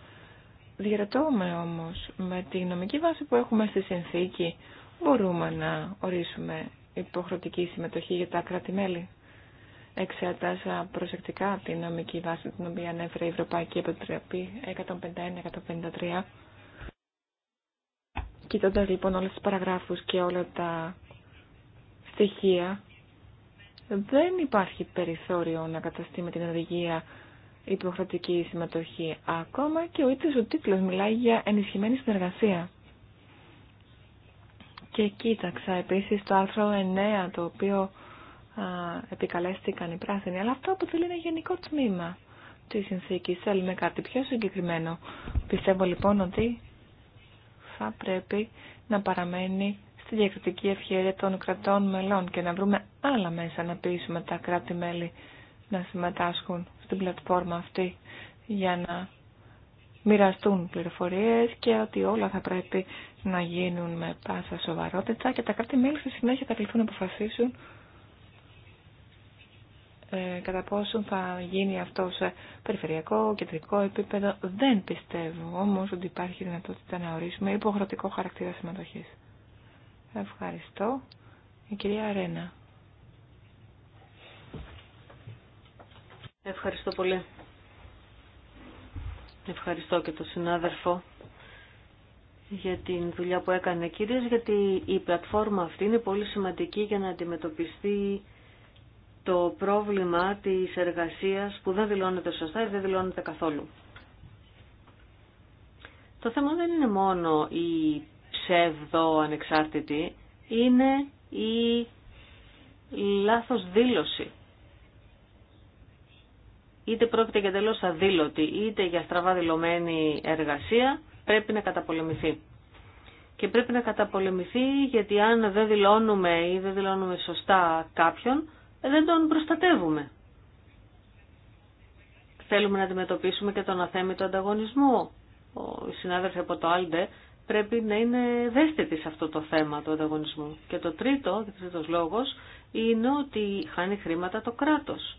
Speaker 2: Διαρωτώ με όμως, με τη νομική βάση που έχουμε στη συνθήκη, μπορούμε να ορίσουμε υποχρεωτική συμμετοχή για τα κράτη-μέλη. Εξέτασα προσεκτικά τη νομική βάση την οποία ανέφερε η Ευρωπαϊκή Επιτροπή 151-153. Κοιτώντας λοιπόν όλες τις παραγράφους και όλα τα στοιχεία δεν υπάρχει περιθώριο να καταστεί με την οδηγία υποχρεωτική συμμετοχή. Ακόμα και ο ίδιος ο τίτλος μιλάει για ενισχυμένη συνεργασία. Και κοίταξα επίσης το άρθρο 9 το οποίο α, επικαλέστηκαν οι πράσινοι, αλλά αυτό αποτελεί ένα γενικό τμήμα της συνθήκη. Θέλουμε κάτι πιο συγκεκριμένο. Πιστεύω λοιπόν ότι θα πρέπει να παραμένει στη διακριτική ευχαίρεια των κρατών μελών και να βρούμε άλλα μέσα να πείσουμε τα κράτη-μέλη να συμμετάσχουν στην πλατφόρμα αυτή για να μοιραστούν πληροφορίες και ότι όλα θα πρέπει να γίνουν με πάσα σοβαρότητα και τα κράτη-μέλη στη συνέχεια θα κληθούν να αποφασίσουν ε, κατά πόσο θα γίνει αυτό σε περιφερειακό, κεντρικό επίπεδο. Δεν πιστεύω όμως ότι υπάρχει δυνατότητα να ορίσουμε υποχρεωτικό χαρακτήρα συμμετοχής. Ευχαριστώ. Η κυρία Αρένα.
Speaker 1: Ευχαριστώ πολύ. Ευχαριστώ και τον συνάδελφο για την δουλειά που έκανε Κυρίες, γιατί η πλατφόρμα αυτή είναι πολύ σημαντική για να αντιμετωπιστεί το πρόβλημα της εργασίας που δεν δηλώνεται σωστά ή δεν δηλώνεται καθόλου. Το θέμα δεν είναι μόνο η ψεύδο ανεξάρτητη είναι η λάθος δήλωση. Είτε πρόκειται για τελώς αδήλωτη, είτε για στραβά δηλωμένη εργασία, πρέπει να καταπολεμηθεί. Και πρέπει να καταπολεμηθεί γιατί αν δεν δηλώνουμε ή δεν δηλώνουμε σωστά κάποιον, δεν τον προστατεύουμε. Θέλουμε να αντιμετωπίσουμε και τον αθέμητο ανταγωνισμό. Ο συνάδελφοι από το Άλντε πρέπει να είναι δέστητη σε αυτό το θέμα του ανταγωνισμού. Και το τρίτο, ο λόγος, είναι ότι χάνει χρήματα το κράτος.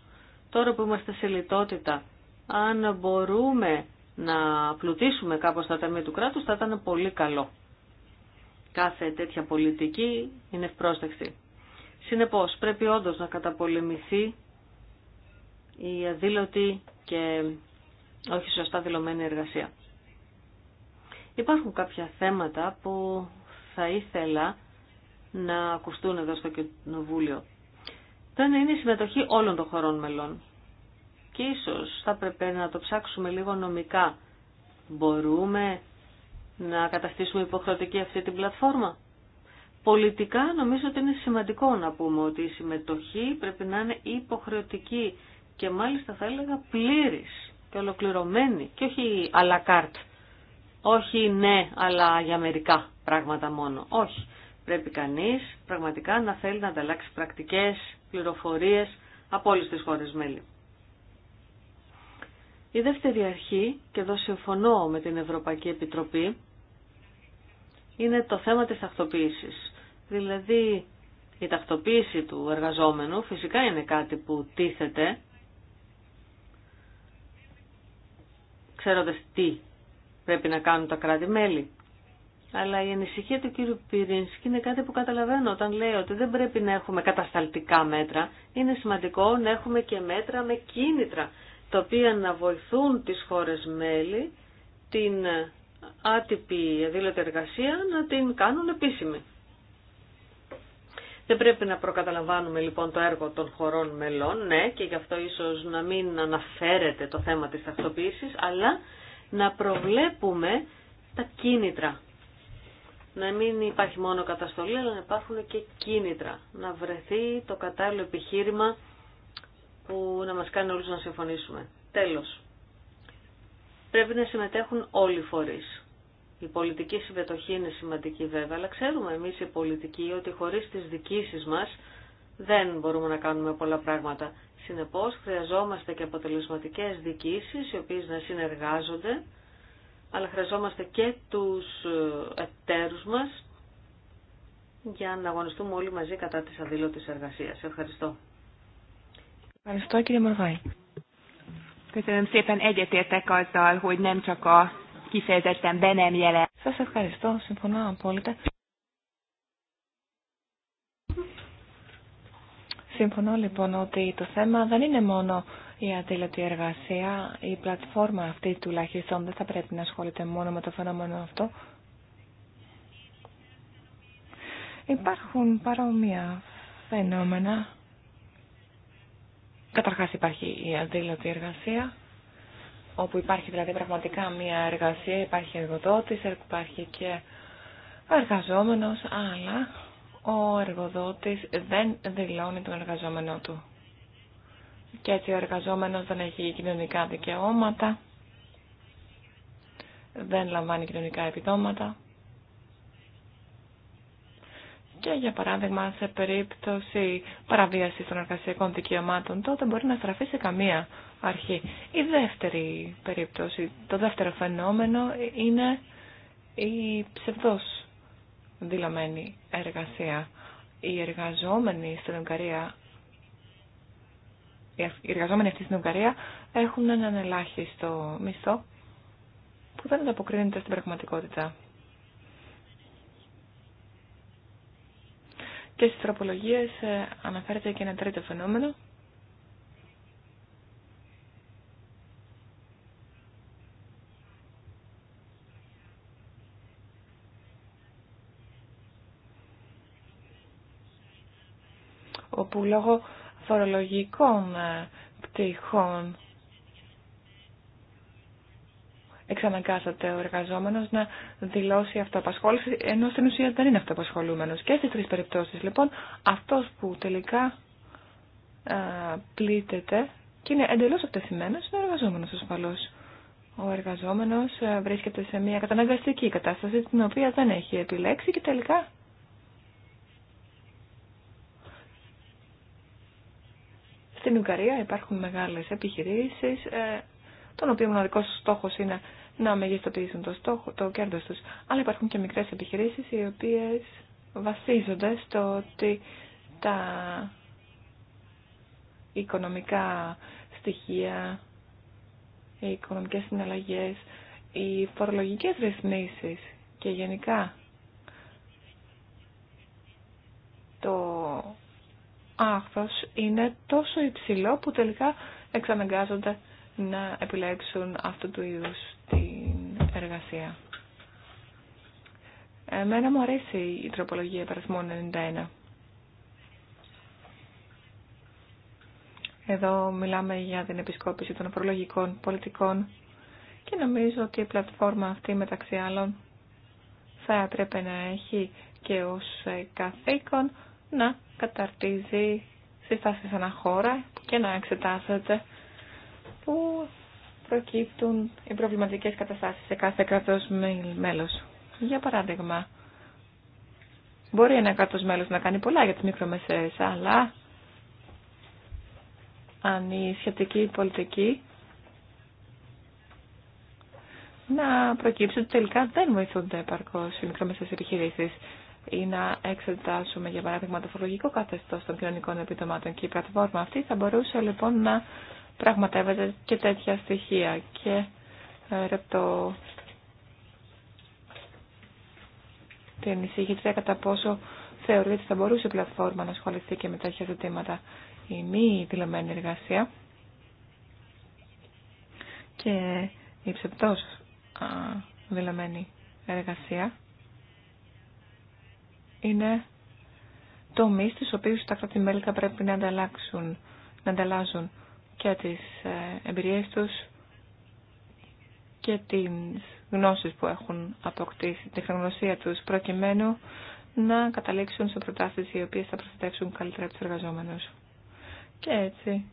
Speaker 1: Τώρα που είμαστε σε λιτότητα, αν μπορούμε να πλουτίσουμε κάπως τα ταμεία του κράτους, θα ήταν πολύ καλό. Κάθε τέτοια πολιτική είναι ευπρόσδεκτη. Συνεπώς, πρέπει όντως να καταπολεμηθεί η αδήλωτη και όχι σωστά δηλωμένη εργασία. Υπάρχουν κάποια θέματα που θα ήθελα να ακουστούν εδώ στο Κοινοβούλιο. Το ένα είναι η συμμετοχή όλων των χωρών μελών. Και ίσως θα πρέπει να το ψάξουμε λίγο νομικά. Μπορούμε να καταστήσουμε υποχρεωτική αυτή την πλατφόρμα. Πολιτικά νομίζω ότι είναι σημαντικό να πούμε ότι η συμμετοχή πρέπει να είναι υποχρεωτική και μάλιστα θα έλεγα πλήρης και ολοκληρωμένη και όχι αλακάρτ όχι ναι, αλλά για μερικά πράγματα μόνο. Όχι. Πρέπει κανείς πραγματικά να θέλει να ανταλλάξει πρακτικές, πληροφορίες από όλες τις χώρες μέλη. Η δεύτερη αρχή, και εδώ συμφωνώ με την Ευρωπαϊκή Επιτροπή, είναι το θέμα της τακτοποίησης. Δηλαδή, η τακτοποίηση του εργαζόμενου φυσικά είναι κάτι που τίθεται, ξέροντας τι πρέπει να κάνουν τα κράτη-μέλη. Αλλά η ανησυχία του κύριου Πυρίνσκι είναι κάτι που καταλαβαίνω όταν λέει ότι δεν πρέπει να έχουμε κατασταλτικά μέτρα. Είναι σημαντικό να έχουμε και μέτρα με κίνητρα, τα οποία να βοηθούν τις χώρες μέλη την άτυπη αδήλωτη εργασία να την κάνουν επίσημη. Δεν πρέπει να προκαταλαμβάνουμε λοιπόν το έργο των χωρών μελών, ναι, και γι' αυτό ίσως να μην αναφέρεται το θέμα της ταυτοποίησης, αλλά να προβλέπουμε τα κίνητρα. Να μην υπάρχει μόνο καταστολή, αλλά να υπάρχουν και κίνητρα. Να βρεθεί το κατάλληλο επιχείρημα που να μας κάνει όλους να συμφωνήσουμε. Τέλος. Πρέπει να συμμετέχουν όλοι οι φορείς. Η πολιτική συμμετοχή είναι σημαντική βέβαια, αλλά ξέρουμε εμείς οι πολιτικοί ότι χωρίς τις δικήσεις μας δεν μπορούμε να κάνουμε πολλά πράγματα. Συνεπώς χρειαζόμαστε και αποτελεσματικές διοικήσεις οι οποίες να συνεργάζονται, αλλά χρειαζόμαστε και τους ε, εταίρους μας για να αγωνιστούμε όλοι μαζί κατά της αδήλωτης εργασίας. Ευχαριστώ.
Speaker 2: Ευχαριστώ κύριε Μορβάη. Σας ευχαριστώ, συμφωνώ απόλυτα Συμφωνώ λοιπόν ότι το θέμα δεν είναι μόνο η αντίλατη εργασία. Η πλατφόρμα αυτή τουλάχιστον δεν θα πρέπει να ασχολείται μόνο με το φαινόμενο αυτό. Υπάρχουν παρόμοια φαινόμενα. Καταρχάς υπάρχει η αντίλατη εργασία, όπου υπάρχει δηλαδή πραγματικά μια εργασία, υπάρχει εργοδότης, υπάρχει και εργαζόμενος, αλλά ο εργοδότης δεν δηλώνει τον εργαζόμενό του. Και έτσι ο εργαζόμενος δεν έχει κοινωνικά δικαιώματα, δεν λαμβάνει κοινωνικά επιδόματα. Και για παράδειγμα σε περίπτωση παραβίασης των εργασιακών δικαιωμάτων τότε μπορεί να στραφεί σε καμία αρχή. Η δεύτερη περίπτωση, το δεύτερο φαινόμενο είναι η ψευδός δηλωμένη εργασία. Οι εργαζόμενοι στην Ουγγαρία, οι εργαζόμενοι αυτοί στην Ουγγαρία έχουν έναν ελάχιστο μισθό που δεν ανταποκρίνεται στην πραγματικότητα. Και στις τροπολογίες ε, αναφέρεται και ένα τρίτο φαινόμενο όπου λόγω φορολογικών ε, πτυχών εξαναγκάζεται ο εργαζόμενος να δηλώσει αυτοαπασχόληση, ενώ στην ουσία δεν είναι αυτοαπασχολούμενος. Και στις τρεις περιπτώσεις λοιπόν αυτός που τελικά α, ε, πλήττεται και είναι εντελώς αυτεθυμένος είναι ο εργαζόμενος ασφαλώς. Ο εργαζόμενος ε, βρίσκεται σε μια καταναγκαστική κατάσταση την οποία δεν έχει επιλέξει και τελικά Στην Ουγγαρία υπάρχουν μεγάλες επιχειρήσεις, ε, των οποίων μοναδικός στόχος είναι να μεγιστοποιήσουν το, στόχο, το κέρδος τους. Αλλά υπάρχουν και μικρές επιχειρήσεις οι οποίες βασίζονται στο ότι τα οικονομικά στοιχεία, οι οικονομικές συναλλαγές, οι φορολογικές ρυθμίσεις και γενικά το άχθος είναι τόσο υψηλό που τελικά εξαναγκάζονται να επιλέξουν αυτού του είδους την εργασία. Εμένα μου αρέσει η τροπολογία υπερασμών 91. Εδώ μιλάμε για την επισκόπηση των προλογικών πολιτικών και νομίζω ότι η πλατφόρμα αυτή μεταξύ άλλων θα έπρεπε να έχει και ως καθήκον να καταρτίζει συστάσεις αναχώρα και να εξετάζεται που προκύπτουν οι προβληματικές καταστάσεις σε κάθε κράτος μέλος. Για παράδειγμα, μπορεί ένα κράτος μέλος να κάνει πολλά για τις μικρομεσαίες, αλλά αν η σχετική πολιτική να προκύψει ότι τελικά δεν βοηθούνται επαρκώς οι μικρομεσαίες επιχειρήσεις ή να εξετάσουμε για παράδειγμα το φορολογικό καθεστώ των κοινωνικών επιδομάτων και η πλατφόρμα αυτή θα μπορούσε λοιπόν να πραγματεύεται και τέτοια στοιχεία και ε, το την εισηγητρία κατά πόσο θεωρείται ότι θα μπορούσε η πλατφόρμα να ασχοληθεί και με τέτοια ζητήματα η μη δηλωμένη εργασία και η ψεπτός δηλωμένη εργασία είναι τομεί στου οποίου τα κράτη-μέλη θα πρέπει να ανταλλάξουν, να ανταλλάζουν και τι ε, εμπειρίε του και τι γνώσει που έχουν αποκτήσει, τη τεχνογνωσία του, προκειμένου να καταλήξουν σε προτάσει οι οποίε θα προστατεύσουν καλύτερα του εργαζόμενου. Και έτσι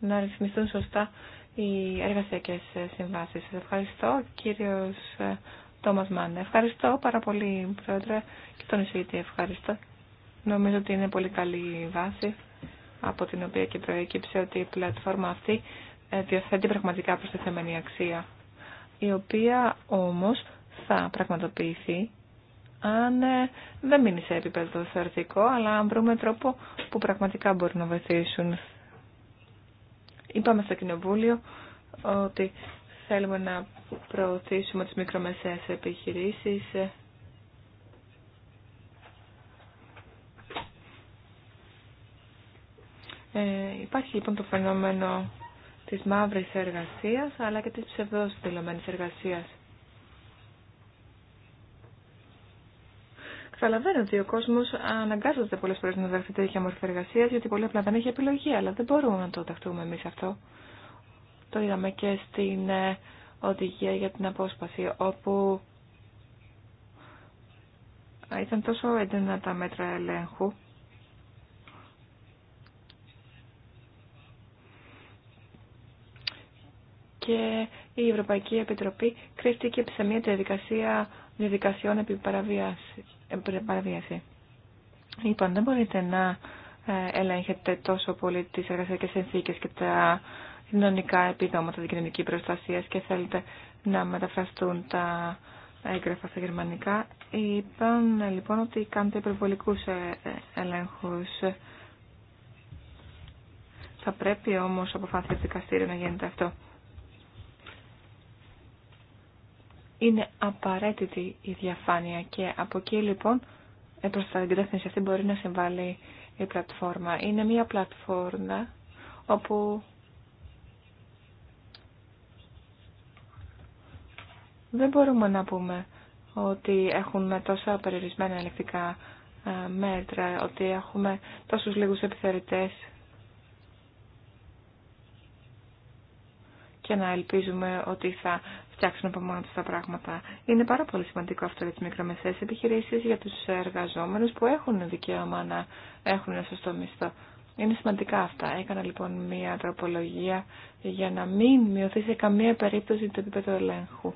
Speaker 2: να ρυθμιστούν σωστά οι εργασιακές ε, συμβάσει. Σας ευχαριστώ, κύριος ε, Τόμας Μάν. Ευχαριστώ πάρα πολύ, Πρόεδρε, και τον εισηγητή ευχαριστώ. Νομίζω ότι είναι πολύ καλή βάση από την οποία και προέκυψε ότι η πλατφόρμα αυτή ε, διαθέτει πραγματικά προστιθέμενη αξία, η οποία όμως θα πραγματοποιηθεί αν ε, δεν μείνει σε επίπεδο θεωρητικό, αλλά αν βρούμε τρόπο που πραγματικά μπορεί να βοηθήσουν. Είπαμε στο Κοινοβούλιο ότι Θέλουμε να προωθήσουμε τις μικρομεσαίες επιχειρήσεις. Ε, υπάρχει λοιπόν το φαινόμενο της μαύρης εργασίας αλλά και της ψευδός δηλωμένης εργασίας. Καταλαβαίνω ότι ο κόσμο αναγκάζεται πολλέ φορέ να δεχτεί τέτοια μορφή εργασία, γιατί πολύ απλά δεν έχει επιλογή, αλλά δεν μπορούμε να το δεχτούμε εμεί αυτό. Το είδαμε και στην ε, οδηγία για την απόσπαση, όπου ε, ήταν τόσο έντονα τα μέτρα ελέγχου και η Ευρωπαϊκή Επιτροπή κρίθηκε σε μια διαδικασία διαδικασιών επί παραβίαση. Λοιπόν, δεν μπορείτε να ε, ελέγχετε τόσο πολύ τις εργασιακές συνθήκες και τα κοινωνικά επιδόματα, την κοινωνική προστασία και θέλετε να μεταφραστούν τα έγγραφα στα γερμανικά. Είπαν ε, λοιπόν ότι κάνετε υπερβολικούς ε, ε, ελέγχους. Θα πρέπει όμως αποφάσει το δικαστήριο να γίνεται αυτό. Είναι απαραίτητη η διαφάνεια και από εκεί λοιπόν προς τα αυτή μπορεί να συμβάλλει η πλατφόρμα. Είναι μια πλατφόρμα όπου δεν μπορούμε να πούμε ότι έχουμε τόσα περιορισμένα ελεκτικά ε, μέτρα, ότι έχουμε τόσους λίγους επιθερητές και να ελπίζουμε ότι θα φτιάξουν από μόνο τους τα πράγματα. Είναι πάρα πολύ σημαντικό αυτό για τις μικρομεσαίες επιχειρήσεις, για τους εργαζόμενους που έχουν δικαίωμα να έχουν ένα σωστό μισθό. Είναι σημαντικά αυτά. Έκανα λοιπόν μία τροπολογία για να μην μειωθεί σε καμία περίπτωση το επίπεδο ελέγχου.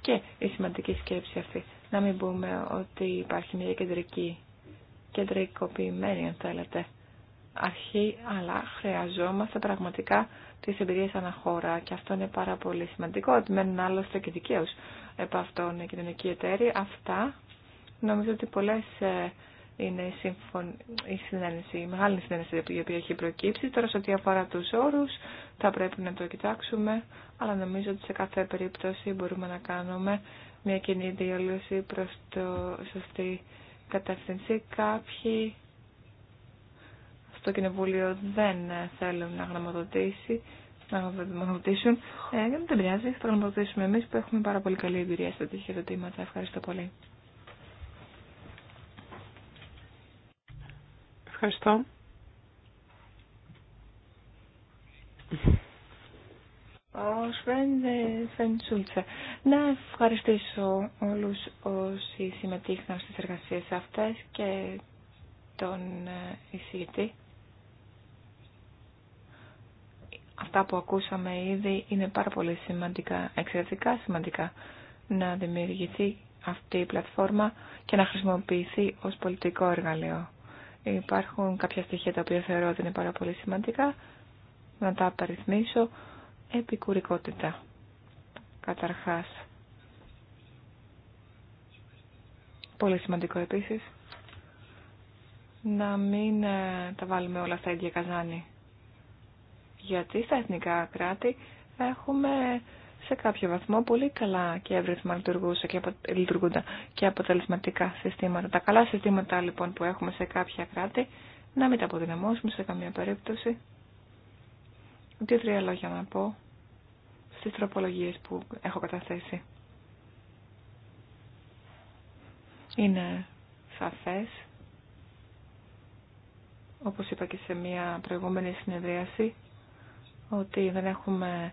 Speaker 2: Και η σημαντική σκέψη αυτή, να μην πούμε ότι υπάρχει μια κεντρική, κεντρικοποιημένη αν θέλετε, αρχή, αλλά χρειαζόμαστε πραγματικά τις εμπειρίες αναχώρα και αυτό είναι πάρα πολύ σημαντικό, ότι μένουν άλλωστε και δικαίως επ' αυτόν οι κοινωνικοί εταίροι. Αυτά νομίζω ότι πολλές ε, είναι η, συμφων... η συνένεση, μεγάλη συνένεση η οποία έχει προκύψει. Τώρα σε ό,τι αφορά τους όρους θα πρέπει να το κοιτάξουμε, αλλά νομίζω ότι σε κάθε περίπτωση μπορούμε να κάνουμε μια κοινή διαλύωση προς το σωστή κατεύθυνση. Κάποιοι στο Κοινοβούλιο δεν θέλουν να γνωμοδοτήσει, να γνωμοδοτήσουν. Ε, δεν πειράζει, θα γνωμοδοτήσουμε εμείς που έχουμε πάρα πολύ καλή εμπειρία στα τέτοια ζητήματα. Ευχαριστώ πολύ. Ευχαριστώ. Ε, να ευχαριστήσω όλους όσοι συμμετείχαν στις εργασίες αυτές και τον ε, εισηγητή. Αυτά που ακούσαμε ήδη είναι πάρα πολύ σημαντικά, εξαιρετικά σημαντικά να δημιουργηθεί αυτή η πλατφόρμα και να χρησιμοποιηθεί ως πολιτικό εργαλείο. Υπάρχουν κάποια στοιχεία τα οποία θεωρώ ότι είναι πάρα πολύ σημαντικά. Να τα απαριθμίσω. Επικουρικότητα. Καταρχάς. Πολύ σημαντικό επίσης. Να μην ε, τα βάλουμε όλα στα ίδια καζάνι. Γιατί στα εθνικά κράτη έχουμε σε κάποιο βαθμό πολύ καλά και εύρυθμα λειτουργούσε και λειτουργούνταν και αποτελεσματικά συστήματα. Τα καλά συστήματα λοιπόν που έχουμε σε κάποια κράτη να μην τα αποδυναμώσουμε σε καμία περίπτωση. Δύο-τρία λόγια να πω στις τροπολογίες που έχω καταθέσει. Είναι σαφές, όπως είπα και σε μια προηγούμενη συνεδρίαση, ότι δεν έχουμε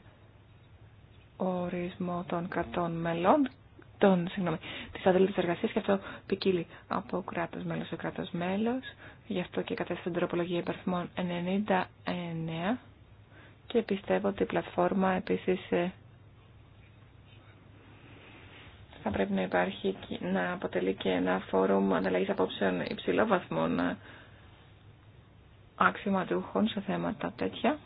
Speaker 2: ορισμό των κρατών μελών, των, συγγνώμη, της αδελφής εργασίας και αυτό ποικίλει από κράτος μέλος σε κράτος μέλος. Γι' αυτό και κατέστησε την τροπολογία υπαρθμών 99 και πιστεύω ότι η πλατφόρμα επίσης ε, θα πρέπει να υπάρχει να αποτελεί και ένα φόρουμ ανταλλαγής απόψεων υψηλών βαθμών αξιωματούχων σε θέματα τέτοια.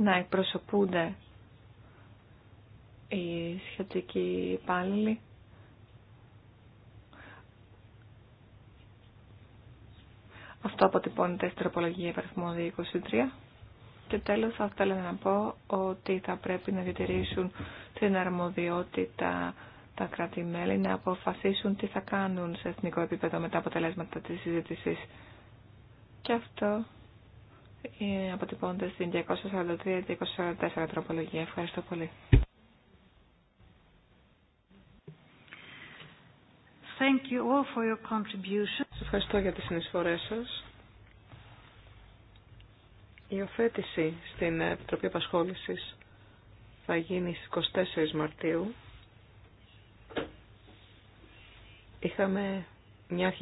Speaker 2: να εκπροσωπούνται οι σχετικοί υπάλληλοι. Αυτό αποτυπώνεται στην τροπολογία υπαριθμό 23. Και τέλος θα ήθελα να πω ότι θα πρέπει να διατηρήσουν την αρμοδιότητα τα κράτη-μέλη να αποφασίσουν τι θα κάνουν σε εθνικό επίπεδο με τα αποτελέσματα της συζήτησης. Και αυτό ε, αποτυπώνται στην 243-244 τροπολογία. Ευχαριστώ πολύ. Thank you
Speaker 3: all for your contribution. Σας ευχαριστώ για τις συνεισφορές σας. Η οθέτηση στην Επιτροπή Απασχόλησης θα γίνει στις 24 Μαρτίου. Είχαμε μια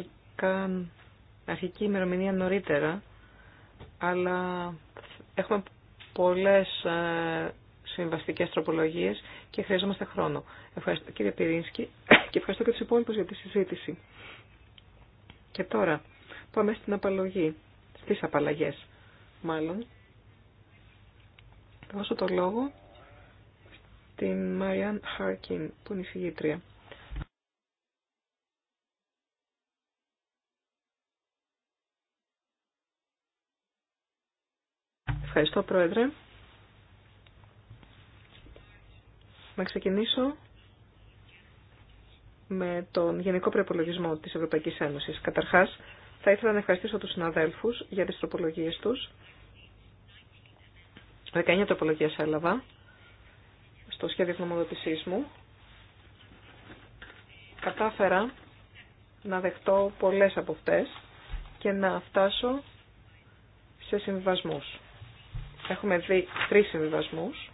Speaker 3: αρχική ημερομηνία νωρίτερα αλλά έχουμε πολλές ε, συμβαστικές τροπολογίες και χρειαζόμαστε χρόνο. Ευχαριστώ κύριε Πυρίνσκι και ευχαριστώ και τους υπόλοιπους για τη συζήτηση. Και τώρα πάμε στην απαλλαγή, στις απαλλαγές μάλλον. Δώσω το λόγο στην Μαριάν Χάρκιν που είναι η συγγήτρια. Ευχαριστώ, Πρόεδρε. Να ξεκινήσω με τον Γενικό Προπολογισμό της Ευρωπαϊκής Ένωσης. Καταρχάς, θα ήθελα να ευχαριστήσω τους συναδέλφους για τις τροπολογίες τους. 19 τροπολογίες έλαβα στο σχέδιο γνωμοδοτησής μου. Κατάφερα να δεχτώ πολλές από αυτές και να φτάσω σε συμβιβασμούς. Έχουμε δει τρεις συμβιβασμούς.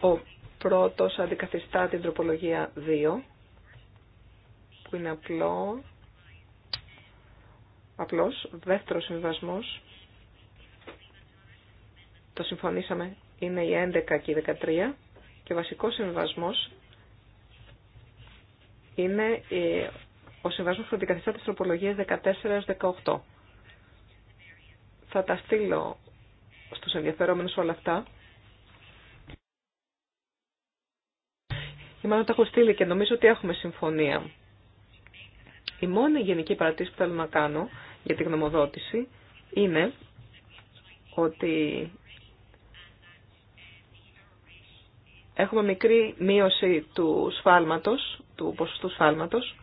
Speaker 3: Ο πρώτος αντικαθιστά την τροπολογία 2, που είναι απλό, απλός. Δεύτερος συμβιβασμός, το συμφωνήσαμε, είναι η 11 και η 13. Και βασικός συμβιβασμός είναι ε, ο συμβασμός που αντικαθιστά τις τροπολογίες 14-18. Θα τα στείλω στους ενδιαφερόμενους όλα αυτά. Ή μάλλον τα έχω στείλει και νομίζω ότι έχουμε συμφωνία. Η μόνη γενική παρατήρηση που θέλω να κάνω για τη γνωμοδότηση είναι ότι έχουμε μικρή μείωση του σφάλματος, του ποσοστού σφάλματος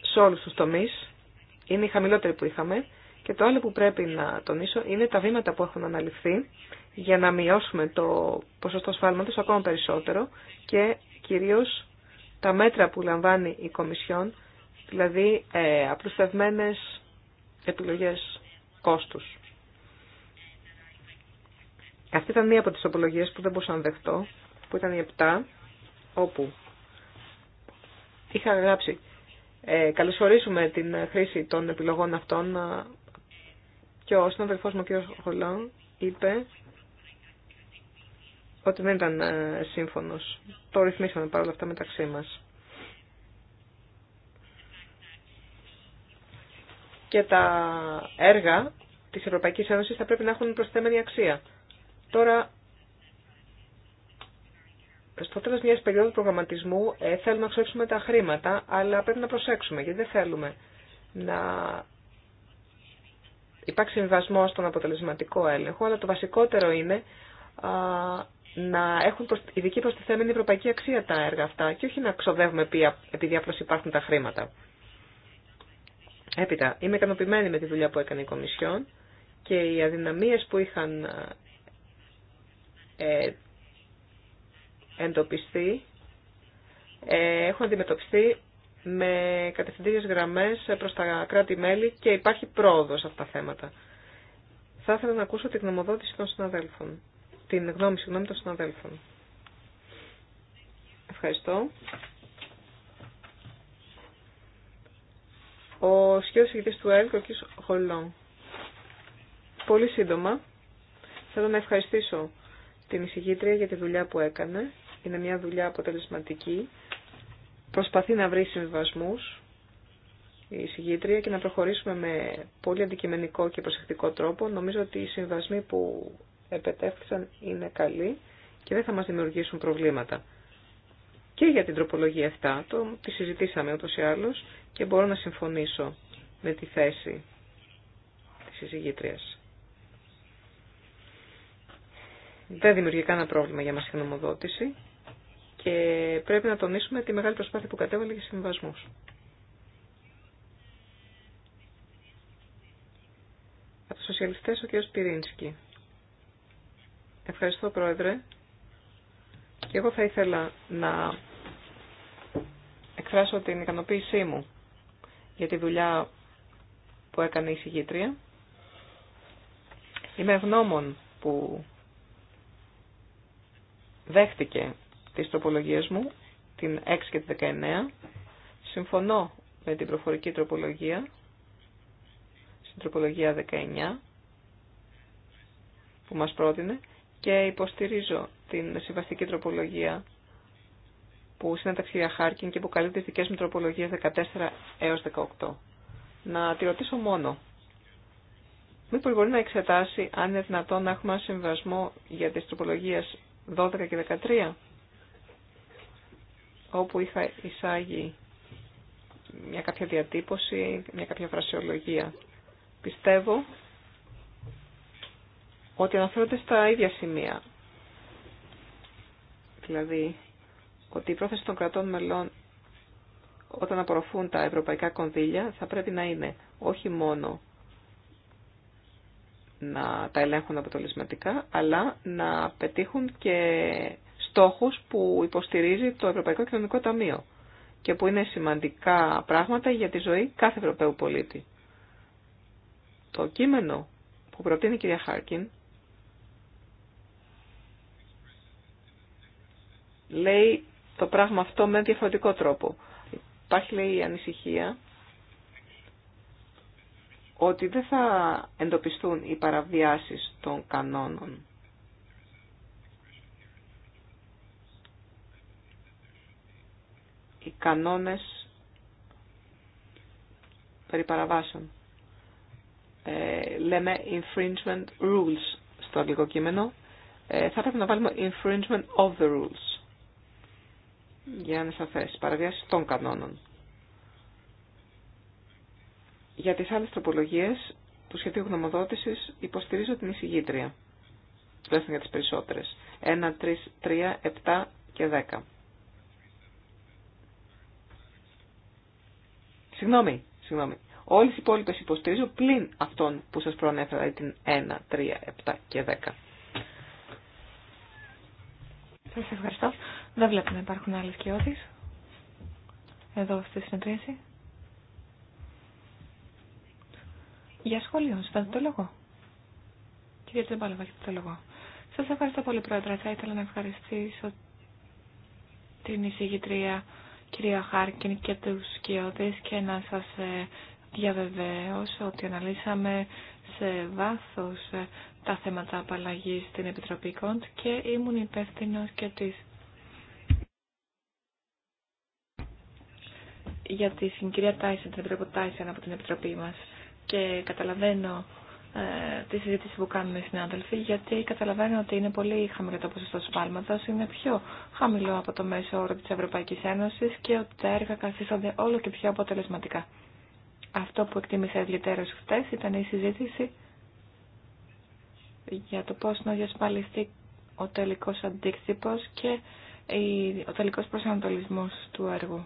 Speaker 3: σε όλους τους τομείς. Είναι η χαμηλότερη που είχαμε και το άλλο που πρέπει να τονίσω είναι τα βήματα που έχουν αναλυθεί για να μειώσουμε το ποσοστό σφάλματος ακόμα περισσότερο και κυρίως τα μέτρα που λαμβάνει η Κομισιόν, δηλαδή ε, απλουστευμένες επιλογές κόστους. Αυτή ήταν μία από τις απολογίες που δεν μπορούσα να δεχτώ, που ήταν η 7, όπου είχα γράψει ε, «Καλωσορίζουμε την χρήση των επιλογών αυτών και ο συνάδελφό μου, ο κ. Χολόν, είπε ότι δεν ήταν ε, σύμφωνο. Το ρυθμίσαμε παρόλα αυτά μεταξύ μα. Και τα έργα τη Ευρωπαϊκή Ένωση θα πρέπει να έχουν προσθέμενη αξία. Τώρα, στο τέλο μιας περίοδου προγραμματισμού ε, θέλουμε να ξοδέψουμε τα χρήματα, αλλά πρέπει να προσέξουμε, γιατί δεν θέλουμε να Υπάρχει συμβασμό στον αποτελεσματικό έλεγχο, αλλά το βασικότερο είναι α, να έχουν προσ... ειδική προστιθέμενη ευρωπαϊκή αξία τα έργα αυτά και όχι να ξοδεύουμε επειδή απλώ υπάρχουν τα χρήματα. Έπειτα, είμαι ικανοποιημένη με τη δουλειά που έκανε η Κομισιόν και οι αδυναμίες που είχαν ε, εντοπιστεί ε, έχουν αντιμετωπιστεί με κατευθυντήριες γραμμές προς τα κράτη-μέλη και υπάρχει πρόοδος σε αυτά τα θέματα. Θα ήθελα να ακούσω την γνωμοδότηση των συναδέλφων. Την γνώμη, συγγνώμη, των συναδέλφων. Ευχαριστώ. Ο σχέδιος ηγητής του ΕΛΚ, ο κ. Χολόν. Πολύ σύντομα, θέλω να ευχαριστήσω την εισηγήτρια για τη δουλειά που έκανε. Είναι μια δουλειά αποτελεσματική προσπαθεί να βρει συμβασμούς η συγγήτρια και να προχωρήσουμε με πολύ αντικειμενικό και προσεκτικό τρόπο. Νομίζω ότι οι συμβασμοί που επετέφθησαν είναι καλοί και δεν θα μας δημιουργήσουν προβλήματα. Και για την τροπολογία 7, το, τη συζητήσαμε ούτως ή άλλως και μπορώ να συμφωνήσω με τη θέση της συζυγήτριας. Δεν δημιουργεί κανένα πρόβλημα για μας η νομοδότηση και πρέπει να τονίσουμε τη μεγάλη προσπάθεια που κατέβαλε για συμβασμούς. Από τους σοσιαλιστές ο κ. Πυρίνσκι. Ευχαριστώ Πρόεδρε. Και εγώ θα ήθελα να εκφράσω την ικανοποίησή μου για τη δουλειά που έκανε η συγγήτρια. Είμαι ευγνώμων που δέχτηκε τις τροπολογίες μου, την 6 και την 19. Συμφωνώ με την προφορική τροπολογία, στην τροπολογία 19 που μας πρότεινε και υποστηρίζω την συμβαστική τροπολογία που συνέταξε η Χάρκιν και που καλεί τις δικές μου τροπολογίες 14 έως 18. Να τη ρωτήσω μόνο. Μήπως μπορεί να εξετάσει αν είναι δυνατόν να έχουμε ένα συμβασμό για τις τροπολογίες 12 και 13 όπου είχα εισάγει μια κάποια διατύπωση, μια κάποια φρασιολογία. Πιστεύω ότι αναφέρονται στα ίδια σημεία. Δηλαδή, ότι η πρόθεση των κρατών μελών όταν απορροφούν τα ευρωπαϊκά κονδύλια θα πρέπει να είναι όχι μόνο να τα ελέγχουν αποτελεσματικά, αλλά να πετύχουν και στόχους που υποστηρίζει το Ευρωπαϊκό Κοινωνικό Ταμείο και που είναι σημαντικά πράγματα για τη ζωή κάθε Ευρωπαίου πολίτη. Το κείμενο που προτείνει η κυρία Χάρκιν λέει το πράγμα αυτό με διαφορετικό τρόπο. Υπάρχει λέει η ανησυχία ότι δεν θα εντοπιστούν οι παραβιάσεις των κανόνων οι κανόνες περί παραβάσεων. Ε, λέμε infringement rules στο αγγλικό κείμενο. Ε, θα έπρεπε να βάλουμε infringement of the rules. Για να είναι σαφές. Παραβίαση των κανόνων. Για τις άλλες τροπολογίες του σχεδίου γνωμοδότησης υποστηρίζω την εισηγήτρια. Τουλάχιστον για τις περισσότερες. 1, 3, 3, 7 και 10. Συγγνώμη, συγγνώμη. Όλε οι υπόλοιπε υποστηρίζω πλην αυτών που σα προανέφερα, την 1, 3, 7 και 10.
Speaker 2: Σα ευχαριστώ. Δεν βλέπω να υπάρχουν άλλε κοιότητε εδώ στη συνεδρίαση. Για σχόλιο, ζητάτε το λόγο. Κυρία Τζεμπάλα, βάλετε το λόγο. Σα ευχαριστώ πολύ, Πρόεδρε. Θα ήθελα να ευχαριστήσω την εισηγητρία κυρία Χάρκιν και τους σκιώδες και να σας ε, διαβεβαίωσω ότι αναλύσαμε σε βάθος ε, τα θέματα απαλλαγής στην Επιτροπή Κοντ και ήμουν υπεύθυνο και της για τη συγκυρία Τάισεν, την Επιτροπή από την Επιτροπή μας και καταλαβαίνω ε, τη συζήτηση που κάνουν οι συνάδελφοι, γιατί καταλαβαίνω ότι είναι πολύ χαμηλό το ποσοστό σφάλματο, είναι πιο χαμηλό από το μέσο όρο τη Ευρωπαϊκή Ένωση και ότι τα έργα καθίστανται όλο και πιο αποτελεσματικά. Αυτό που εκτίμησα ιδιαίτερω χθε ήταν η συζήτηση για το πώ να διασφαλιστεί ο τελικό αντίκτυπο και ο τελικό προσανατολισμό του έργου.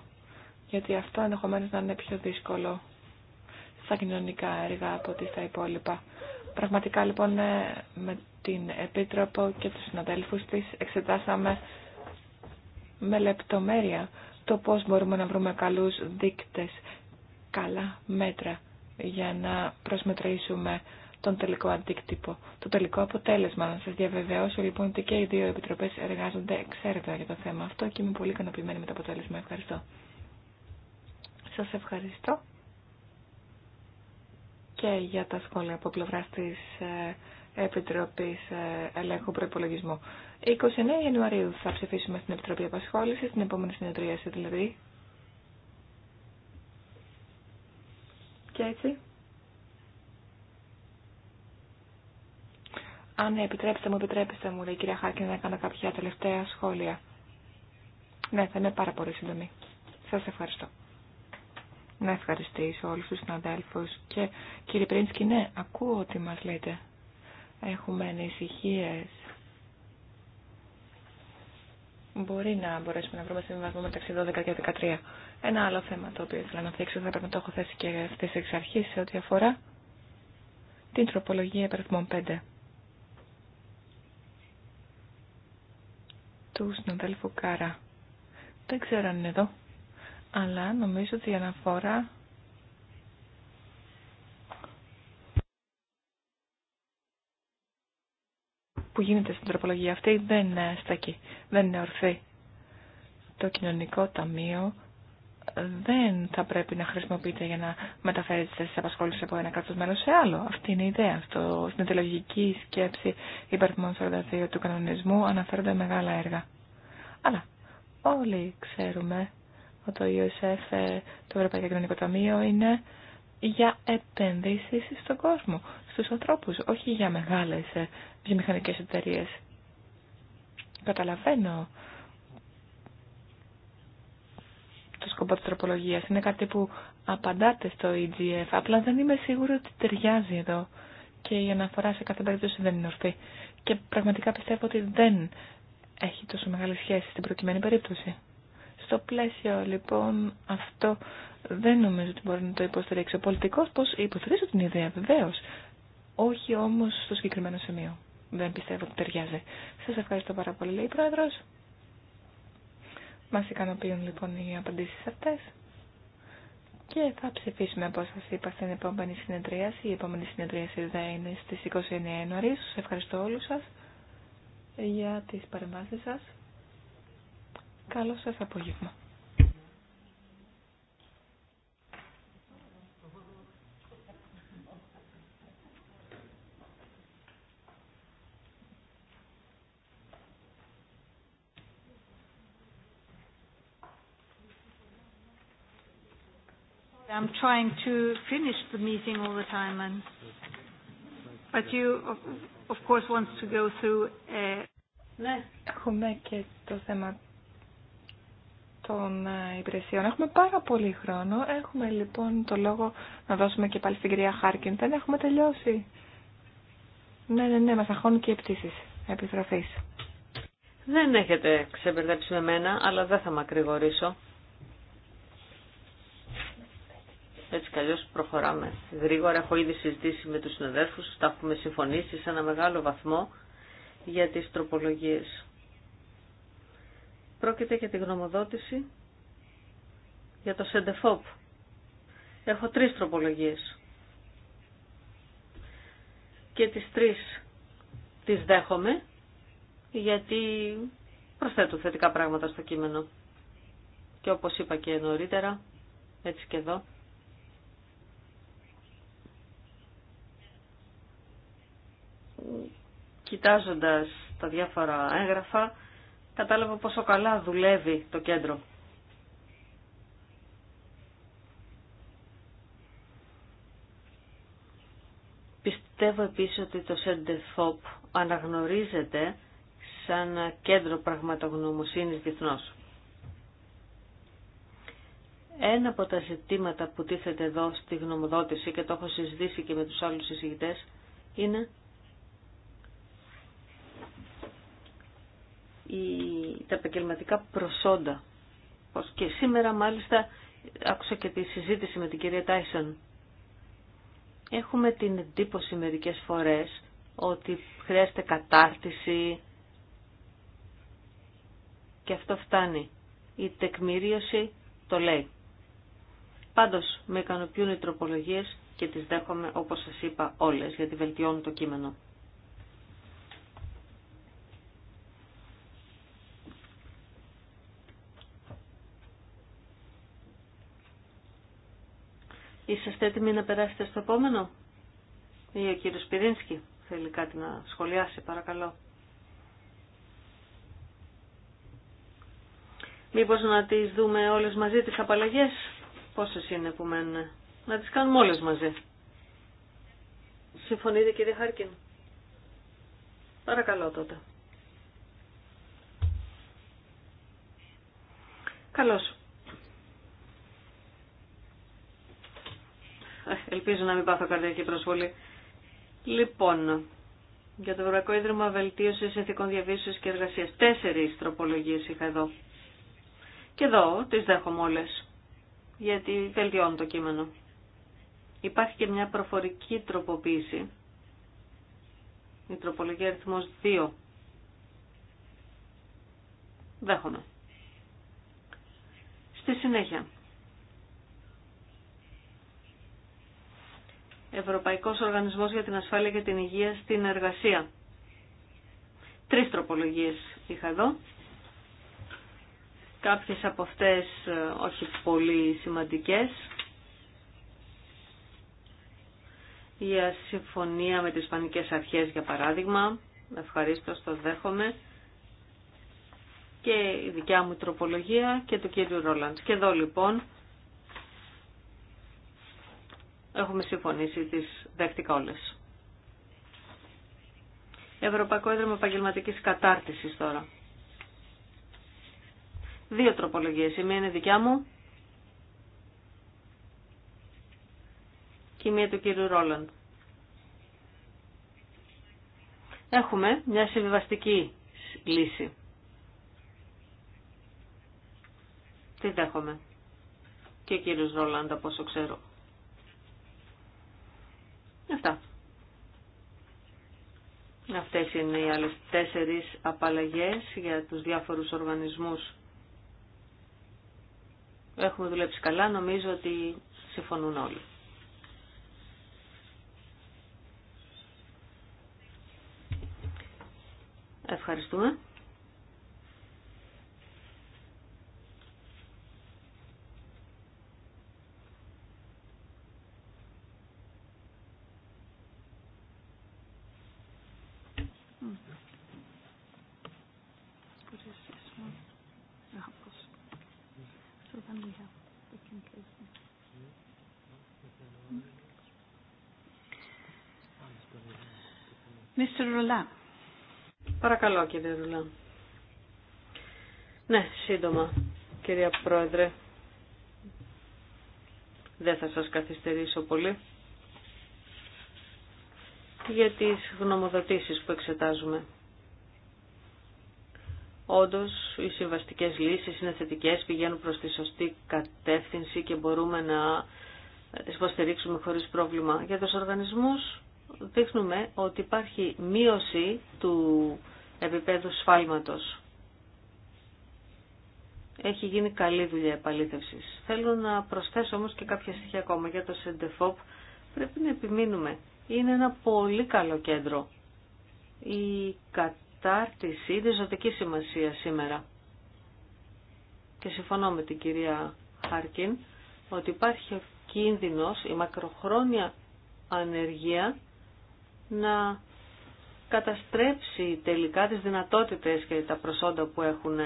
Speaker 2: Γιατί αυτό ενδεχομένω να είναι πιο δύσκολο στα κοινωνικά έργα από ό,τι στα υπόλοιπα. Πραγματικά λοιπόν ε, με την Επίτροπο και τους συναδέλφους της εξετάσαμε με λεπτομέρεια το πώς μπορούμε να βρούμε καλούς δείκτες, καλά μέτρα για να προσμετρήσουμε τον τελικό αντίκτυπο, το τελικό αποτέλεσμα. Να σας διαβεβαιώσω λοιπόν ότι και οι δύο επιτροπές εργάζονται εξαίρετα για το θέμα αυτό και είμαι πολύ ικανοποιημένη με το αποτέλεσμα. Ευχαριστώ. Σας ευχαριστώ και για τα σχόλια από πλευρά τη ε, Επιτροπή ε, Ελέγχου Προπολογισμού. 29 Ιανουαρίου θα ψηφίσουμε στην Επιτροπή Απασχόληση, την επόμενη συνεδρίαση δηλαδή. Και έτσι. Αν επιτρέψτε μου, επιτρέψτε μου, λέει η κυρία Χάκη, να κάνω κάποια τελευταία σχόλια. Ναι, θα είναι πάρα πολύ σύντομη. Σας ευχαριστώ να ευχαριστήσω όλους τους συναδέλφους και κύριε Πρίνσκι, ναι, ακούω ότι μας λέτε. Έχουμε ανησυχίε. Μπορεί να μπορέσουμε να βρούμε συμβασμό μεταξύ 12 και 13. Ένα άλλο θέμα το οποίο ήθελα να θίξω, θα πρέπει να το έχω θέσει και αυτή εξ αρχή σε ό,τι αφορά την τροπολογία υπερθμών 5. Του συναδέλφου Κάρα. Δεν ξέρω αν είναι εδώ αλλά νομίζω ότι η αναφορά που γίνεται στην τροπολογία αυτή δεν είναι στακι, δεν είναι ορθή. Το κοινωνικό ταμείο δεν θα πρέπει να χρησιμοποιείται για να μεταφέρει τι θέσει απασχόληση από ένα κράτο μέλο σε άλλο. Αυτή είναι η ιδέα. Στο, στην αιτιολογική σκέψη υπαριθμών 42 του κανονισμού αναφέρονται μεγάλα έργα. Αλλά όλοι ξέρουμε το ΙΟΣΕΦ, το Ευρωπαϊκό Κοινωνικό Ταμείο, είναι για επενδύσεις στον κόσμο, στους ανθρώπους, όχι για μεγάλες ε, βιομηχανικές εταιρείε. Καταλαβαίνω το σκοπό της τροπολογίας. Είναι κάτι που απαντάτε στο EGF, απλά δεν είμαι σίγουρη ότι ταιριάζει εδώ και η αναφορά σε κάθε περίπτωση δεν είναι ορθή. Και πραγματικά πιστεύω ότι δεν έχει τόσο μεγάλη σχέση στην προκειμένη περίπτωση. Στο πλαίσιο λοιπόν αυτό δεν νομίζω ότι μπορεί να το υποστηρίξει ο πολιτικός, πως υποστηρίζω την ιδέα βεβαίω. Όχι όμως στο συγκεκριμένο σημείο. Δεν πιστεύω ότι ταιριάζει. Σας ευχαριστώ πάρα πολύ, λέει η Πρόεδρος. Μας ικανοποιούν λοιπόν οι απαντήσεις αυτές. Και θα ψηφίσουμε όπως σα είπα στην επόμενη συνεδρίαση. Η επόμενη συνεδρίαση θα είναι στις 29 Ιανουαρίου. Σας ευχαριστώ όλους σας για τις παρεμβάσεις σας. Καλό σας απόγευμα.
Speaker 1: I'm trying to finish the meeting all the time, and
Speaker 2: but you of, of course wants to go through. Uh... Ναι, έχουμε και το θέμα των ε, υπηρεσιών. Έχουμε πάρα πολύ χρόνο. Έχουμε λοιπόν το λόγο να δώσουμε και πάλι στην κυρία Χάρκιν. Δεν έχουμε τελειώσει. Ναι, ναι, ναι, μας αγχώνουν και οι πτήσεις επιστροφής.
Speaker 1: Δεν έχετε ξεμπερδέψει με μένα, αλλά δεν θα μακρηγορήσω. Έτσι κι προχωράμε. Γρήγορα έχω ήδη συζητήσει με τους συναδέλφους, τα έχουμε συμφωνήσει σε ένα μεγάλο βαθμό για τις τροπολογίες. Πρόκειται για τη γνωμοδότηση για το ΣΕΝΤΕΦΟΠ. Έχω τρεις τροπολογίες. Και τις τρεις τις δέχομαι, γιατί προσθέτουν θετικά πράγματα στο κείμενο. Και όπως είπα και νωρίτερα, έτσι και εδώ, κοιτάζοντας τα διάφορα έγγραφα, κατάλαβα πόσο καλά δουλεύει το κέντρο. Πιστεύω επίσης ότι το ΣΕΝΤΕΦΟΠ αναγνωρίζεται σαν κέντρο πραγματογνωμοσύνης διεθνώς. Ένα από τα ζητήματα που τίθεται εδώ στη γνωμοδότηση και το έχω συζητήσει και με τους άλλους συζητητές είναι τα επαγγελματικά προσόντα. και σήμερα μάλιστα άκουσα και τη συζήτηση με την κυρία Τάισον. Έχουμε την εντύπωση μερικές φορές ότι χρειάζεται κατάρτιση και αυτό φτάνει. Η τεκμηρίωση το λέει. Πάντως με ικανοποιούν οι τροπολογίες και τις δέχομαι όπως σας είπα όλες γιατί βελτιώνουν το κείμενο. Είσαστε έτοιμοι να περάσετε στο επόμενο. Ή ο κύριος Πυρίνσκι θέλει κάτι να σχολιάσει, παρακαλώ. Μήπως να τις δούμε όλες μαζί τις απαλλαγές, πόσες είναι που μένουν. Να τις κάνουμε όλες μαζί. Συμφωνείτε κύριε Χάρκιν. Παρακαλώ τότε. Καλώς. Ελπίζω να μην πάθω καρδιακή προσβολή. Λοιπόν, για το Ευρωπαϊκό Ίδρυμα Βελτίωση εθνικών Διαβίωση και Εργασία. Τέσσερι τροπολογίε είχα εδώ. Και εδώ τι δέχομαι όλε. Γιατί βελτιώνω το κείμενο. Υπάρχει και μια προφορική τροποποίηση. Η τροπολογία αριθμό 2. Δέχομαι. Στη συνέχεια, Ευρωπαϊκός Οργανισμός για την Ασφάλεια και την Υγεία στην Εργασία. Τρεις τροπολογίες είχα εδώ. Κάποιες από αυτές ε, όχι πολύ σημαντικές. Η ασυμφωνία με τις Ισπανικές Αρχές για παράδειγμα, ευχαρίστω το δέχομαι. Και η δικιά μου τροπολογία και του κύριου Ρόλαντ. Και εδώ λοιπόν Έχουμε συμφωνήσει τις δέχτηκα όλες. Ευρωπαϊκό Ίδρυμα επαγγελματική Κατάρτισης τώρα. Δύο τροπολογίες. Η μία είναι δικιά μου και η μία του κύριου Ρόλαντ. Έχουμε μια συμβιβαστική λύση. Τι δέχομαι. Και ο κύριος Ρόλαντ από ξέρω. Αυτά. Αυτές είναι οι άλλες τέσσερις απαλλαγές για τους διάφορους οργανισμούς. Έχουμε δουλέψει καλά, νομίζω ότι συμφωνούν όλοι. Ευχαριστούμε. Mr. Παρακαλώ, κύριε Ρουλά. Ναι, σύντομα, κυρία Πρόεδρε. Δεν θα σας καθυστερήσω πολύ για τις γνωμοδοτήσεις που εξετάζουμε. Όντως, οι συμβαστικές λύσεις είναι θετικές, πηγαίνουν προς τη σωστή κατεύθυνση και μπορούμε να τις υποστηρίξουμε χωρίς πρόβλημα. Για τους οργανισμούς, δείχνουμε ότι υπάρχει μείωση του επίπεδου σφάλματος. Έχει γίνει καλή δουλειά επαλήθευσης. Θέλω να προσθέσω όμως και κάποια στοιχεία ακόμα για το ΣΕΝΤΕΦΟΠ. Πρέπει να επιμείνουμε. Είναι ένα πολύ καλό κέντρο. Η κατάρτιση είναι ζωτική σημασία σήμερα. Και συμφωνώ με την κυρία Χάρκιν ότι υπάρχει κίνδυνος η μακροχρόνια ανεργία να καταστρέψει τελικά τις δυνατότητες και τα προσόντα που έχουν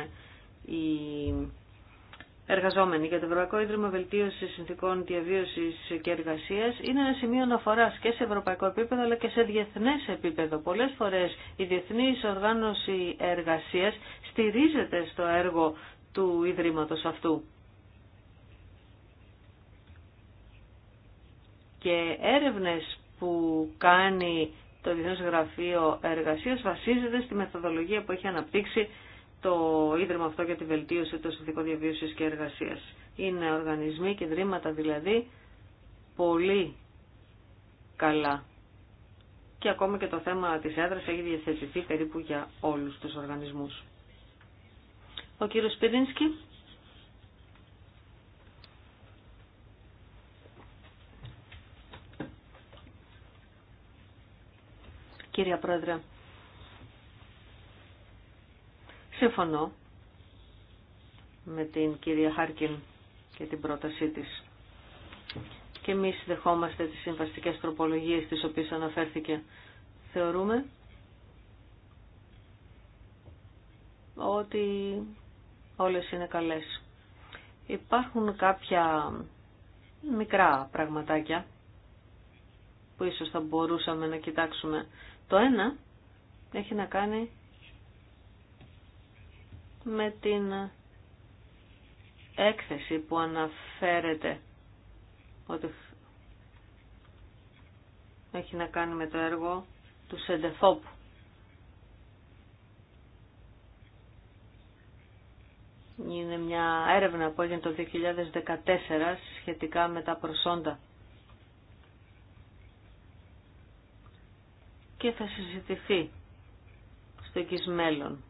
Speaker 1: οι εργαζόμενοι για το Ευρωπαϊκό Ίδρυμα Βελτίωσης Συνθήκων Διαβίωσης και Εργασίας είναι ένα σημείο αναφορά και σε ευρωπαϊκό επίπεδο αλλά και σε διεθνές επίπεδο. Πολλές φορές η Διεθνής Οργάνωση Εργασίας στηρίζεται στο έργο του Ίδρυματος αυτού. Και έρευνες που κάνει το Διεθνές Γραφείο Εργασίας βασίζεται στη μεθοδολογία που έχει αναπτύξει το Ίδρυμα αυτό για τη βελτίωση των συνθήκων διαβίωση και εργασίας. Είναι οργανισμοί και ιδρύματα δηλαδή πολύ καλά. Και ακόμα και το θέμα της έδρας έχει διαθετηθεί περίπου για όλους τους οργανισμούς. Ο κύριος Πυρίνσκι. κυρία Πρόεδρε. Συμφωνώ με την κυρία Χάρκιν και την πρότασή της. Και εμείς δεχόμαστε τις συμβαστικές τροπολογίες τις οποίες αναφέρθηκε. Θεωρούμε ότι όλες είναι καλές. Υπάρχουν κάποια μικρά πραγματάκια που ίσως θα μπορούσαμε να κοιτάξουμε. Το ένα έχει να κάνει με την έκθεση που αναφέρεται ότι έχει να κάνει με το έργο του Σεντεφόπ. Είναι μια έρευνα που έγινε το 2014 σχετικά με τα προσόντα και θα συζητηθεί στο εκείς μέλλον.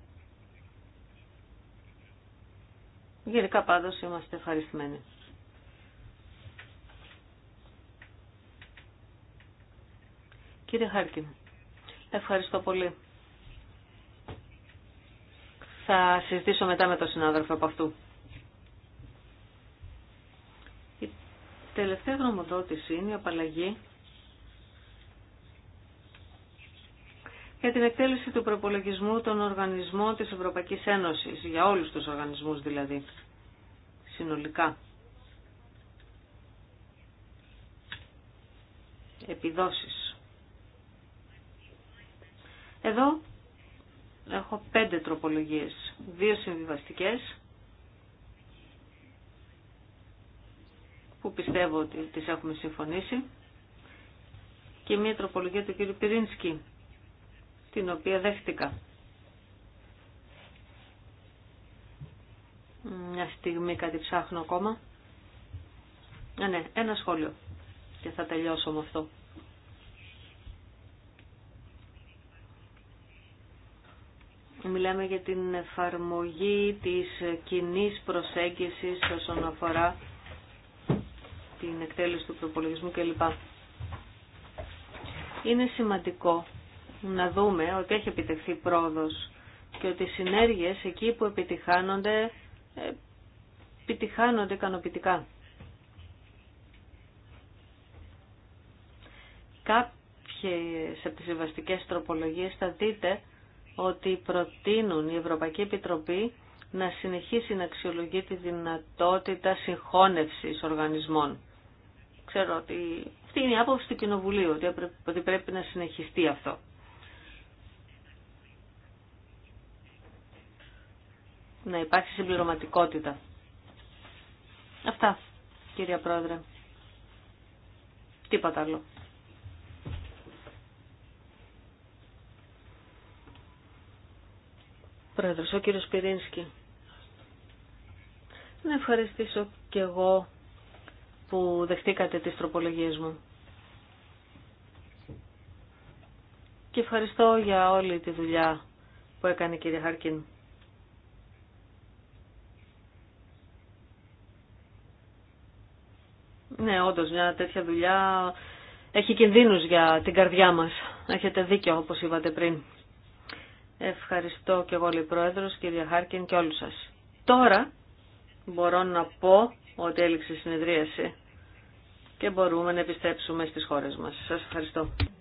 Speaker 1: Γενικά πάντως είμαστε ευχαριστημένοι. Κύριε Χάρκιν, ευχαριστώ πολύ. Θα συζητήσω μετά με τον συνάδελφο από αυτού. Η τελευταία γνωμοδότηση είναι η απαλλαγή για την εκτέλεση του προπολογισμού των οργανισμών της Ευρωπαϊκής Ένωσης, για όλους τους οργανισμούς δηλαδή, συνολικά. Επιδόσεις. Εδώ έχω πέντε τροπολογίες, δύο συμβιβαστικές, που πιστεύω ότι τις έχουμε συμφωνήσει, και μία τροπολογία του κ. Πυρίνσκι, την οποία δέχτηκα. Μια στιγμή κάτι ψάχνω ακόμα. Ναι ναι, ένα σχόλιο και θα τελειώσω με αυτό. Μιλάμε για την εφαρμογή της κοινή προσέγγισης όσον αφορά την εκτέλεση του προπολογισμού κλπ. Είναι σημαντικό να δούμε ότι έχει επιτευχθεί πρόοδος και ότι οι συνέργειες εκεί που επιτυχάνονται, ε, επιτυχάνονται ικανοποιητικά. Κάποιες από τις συμβαστικές τροπολογίες θα δείτε ότι προτείνουν η Ευρωπαϊκή Επιτροπή να συνεχίσει να αξιολογεί τη δυνατότητα συγχώνευσης οργανισμών. Ξέρω ότι αυτή είναι η άποψη του Κοινοβουλίου, ότι πρέπει να συνεχιστεί αυτό. να υπάρξει συμπληρωματικότητα. Αυτά, κυρία Πρόεδρε. Τίποτα άλλο. Πρόεδρος, ο κύριος Πυρίνσκι. Να ευχαριστήσω και εγώ που δεχτήκατε τις τροπολογίες μου. Και ευχαριστώ για όλη τη δουλειά που έκανε η κυρία Χάρκιν. Ναι, όντω, μια τέτοια δουλειά έχει κινδύνου για την καρδιά μας. Έχετε δίκιο όπως είπατε πριν. Ευχαριστώ και εγώ λέει κυρία Χάρκιν και όλου σας. Τώρα μπορώ να πω ότι έληξε η συνεδρίαση και μπορούμε να επιστρέψουμε στις χώρες μας. Σας ευχαριστώ.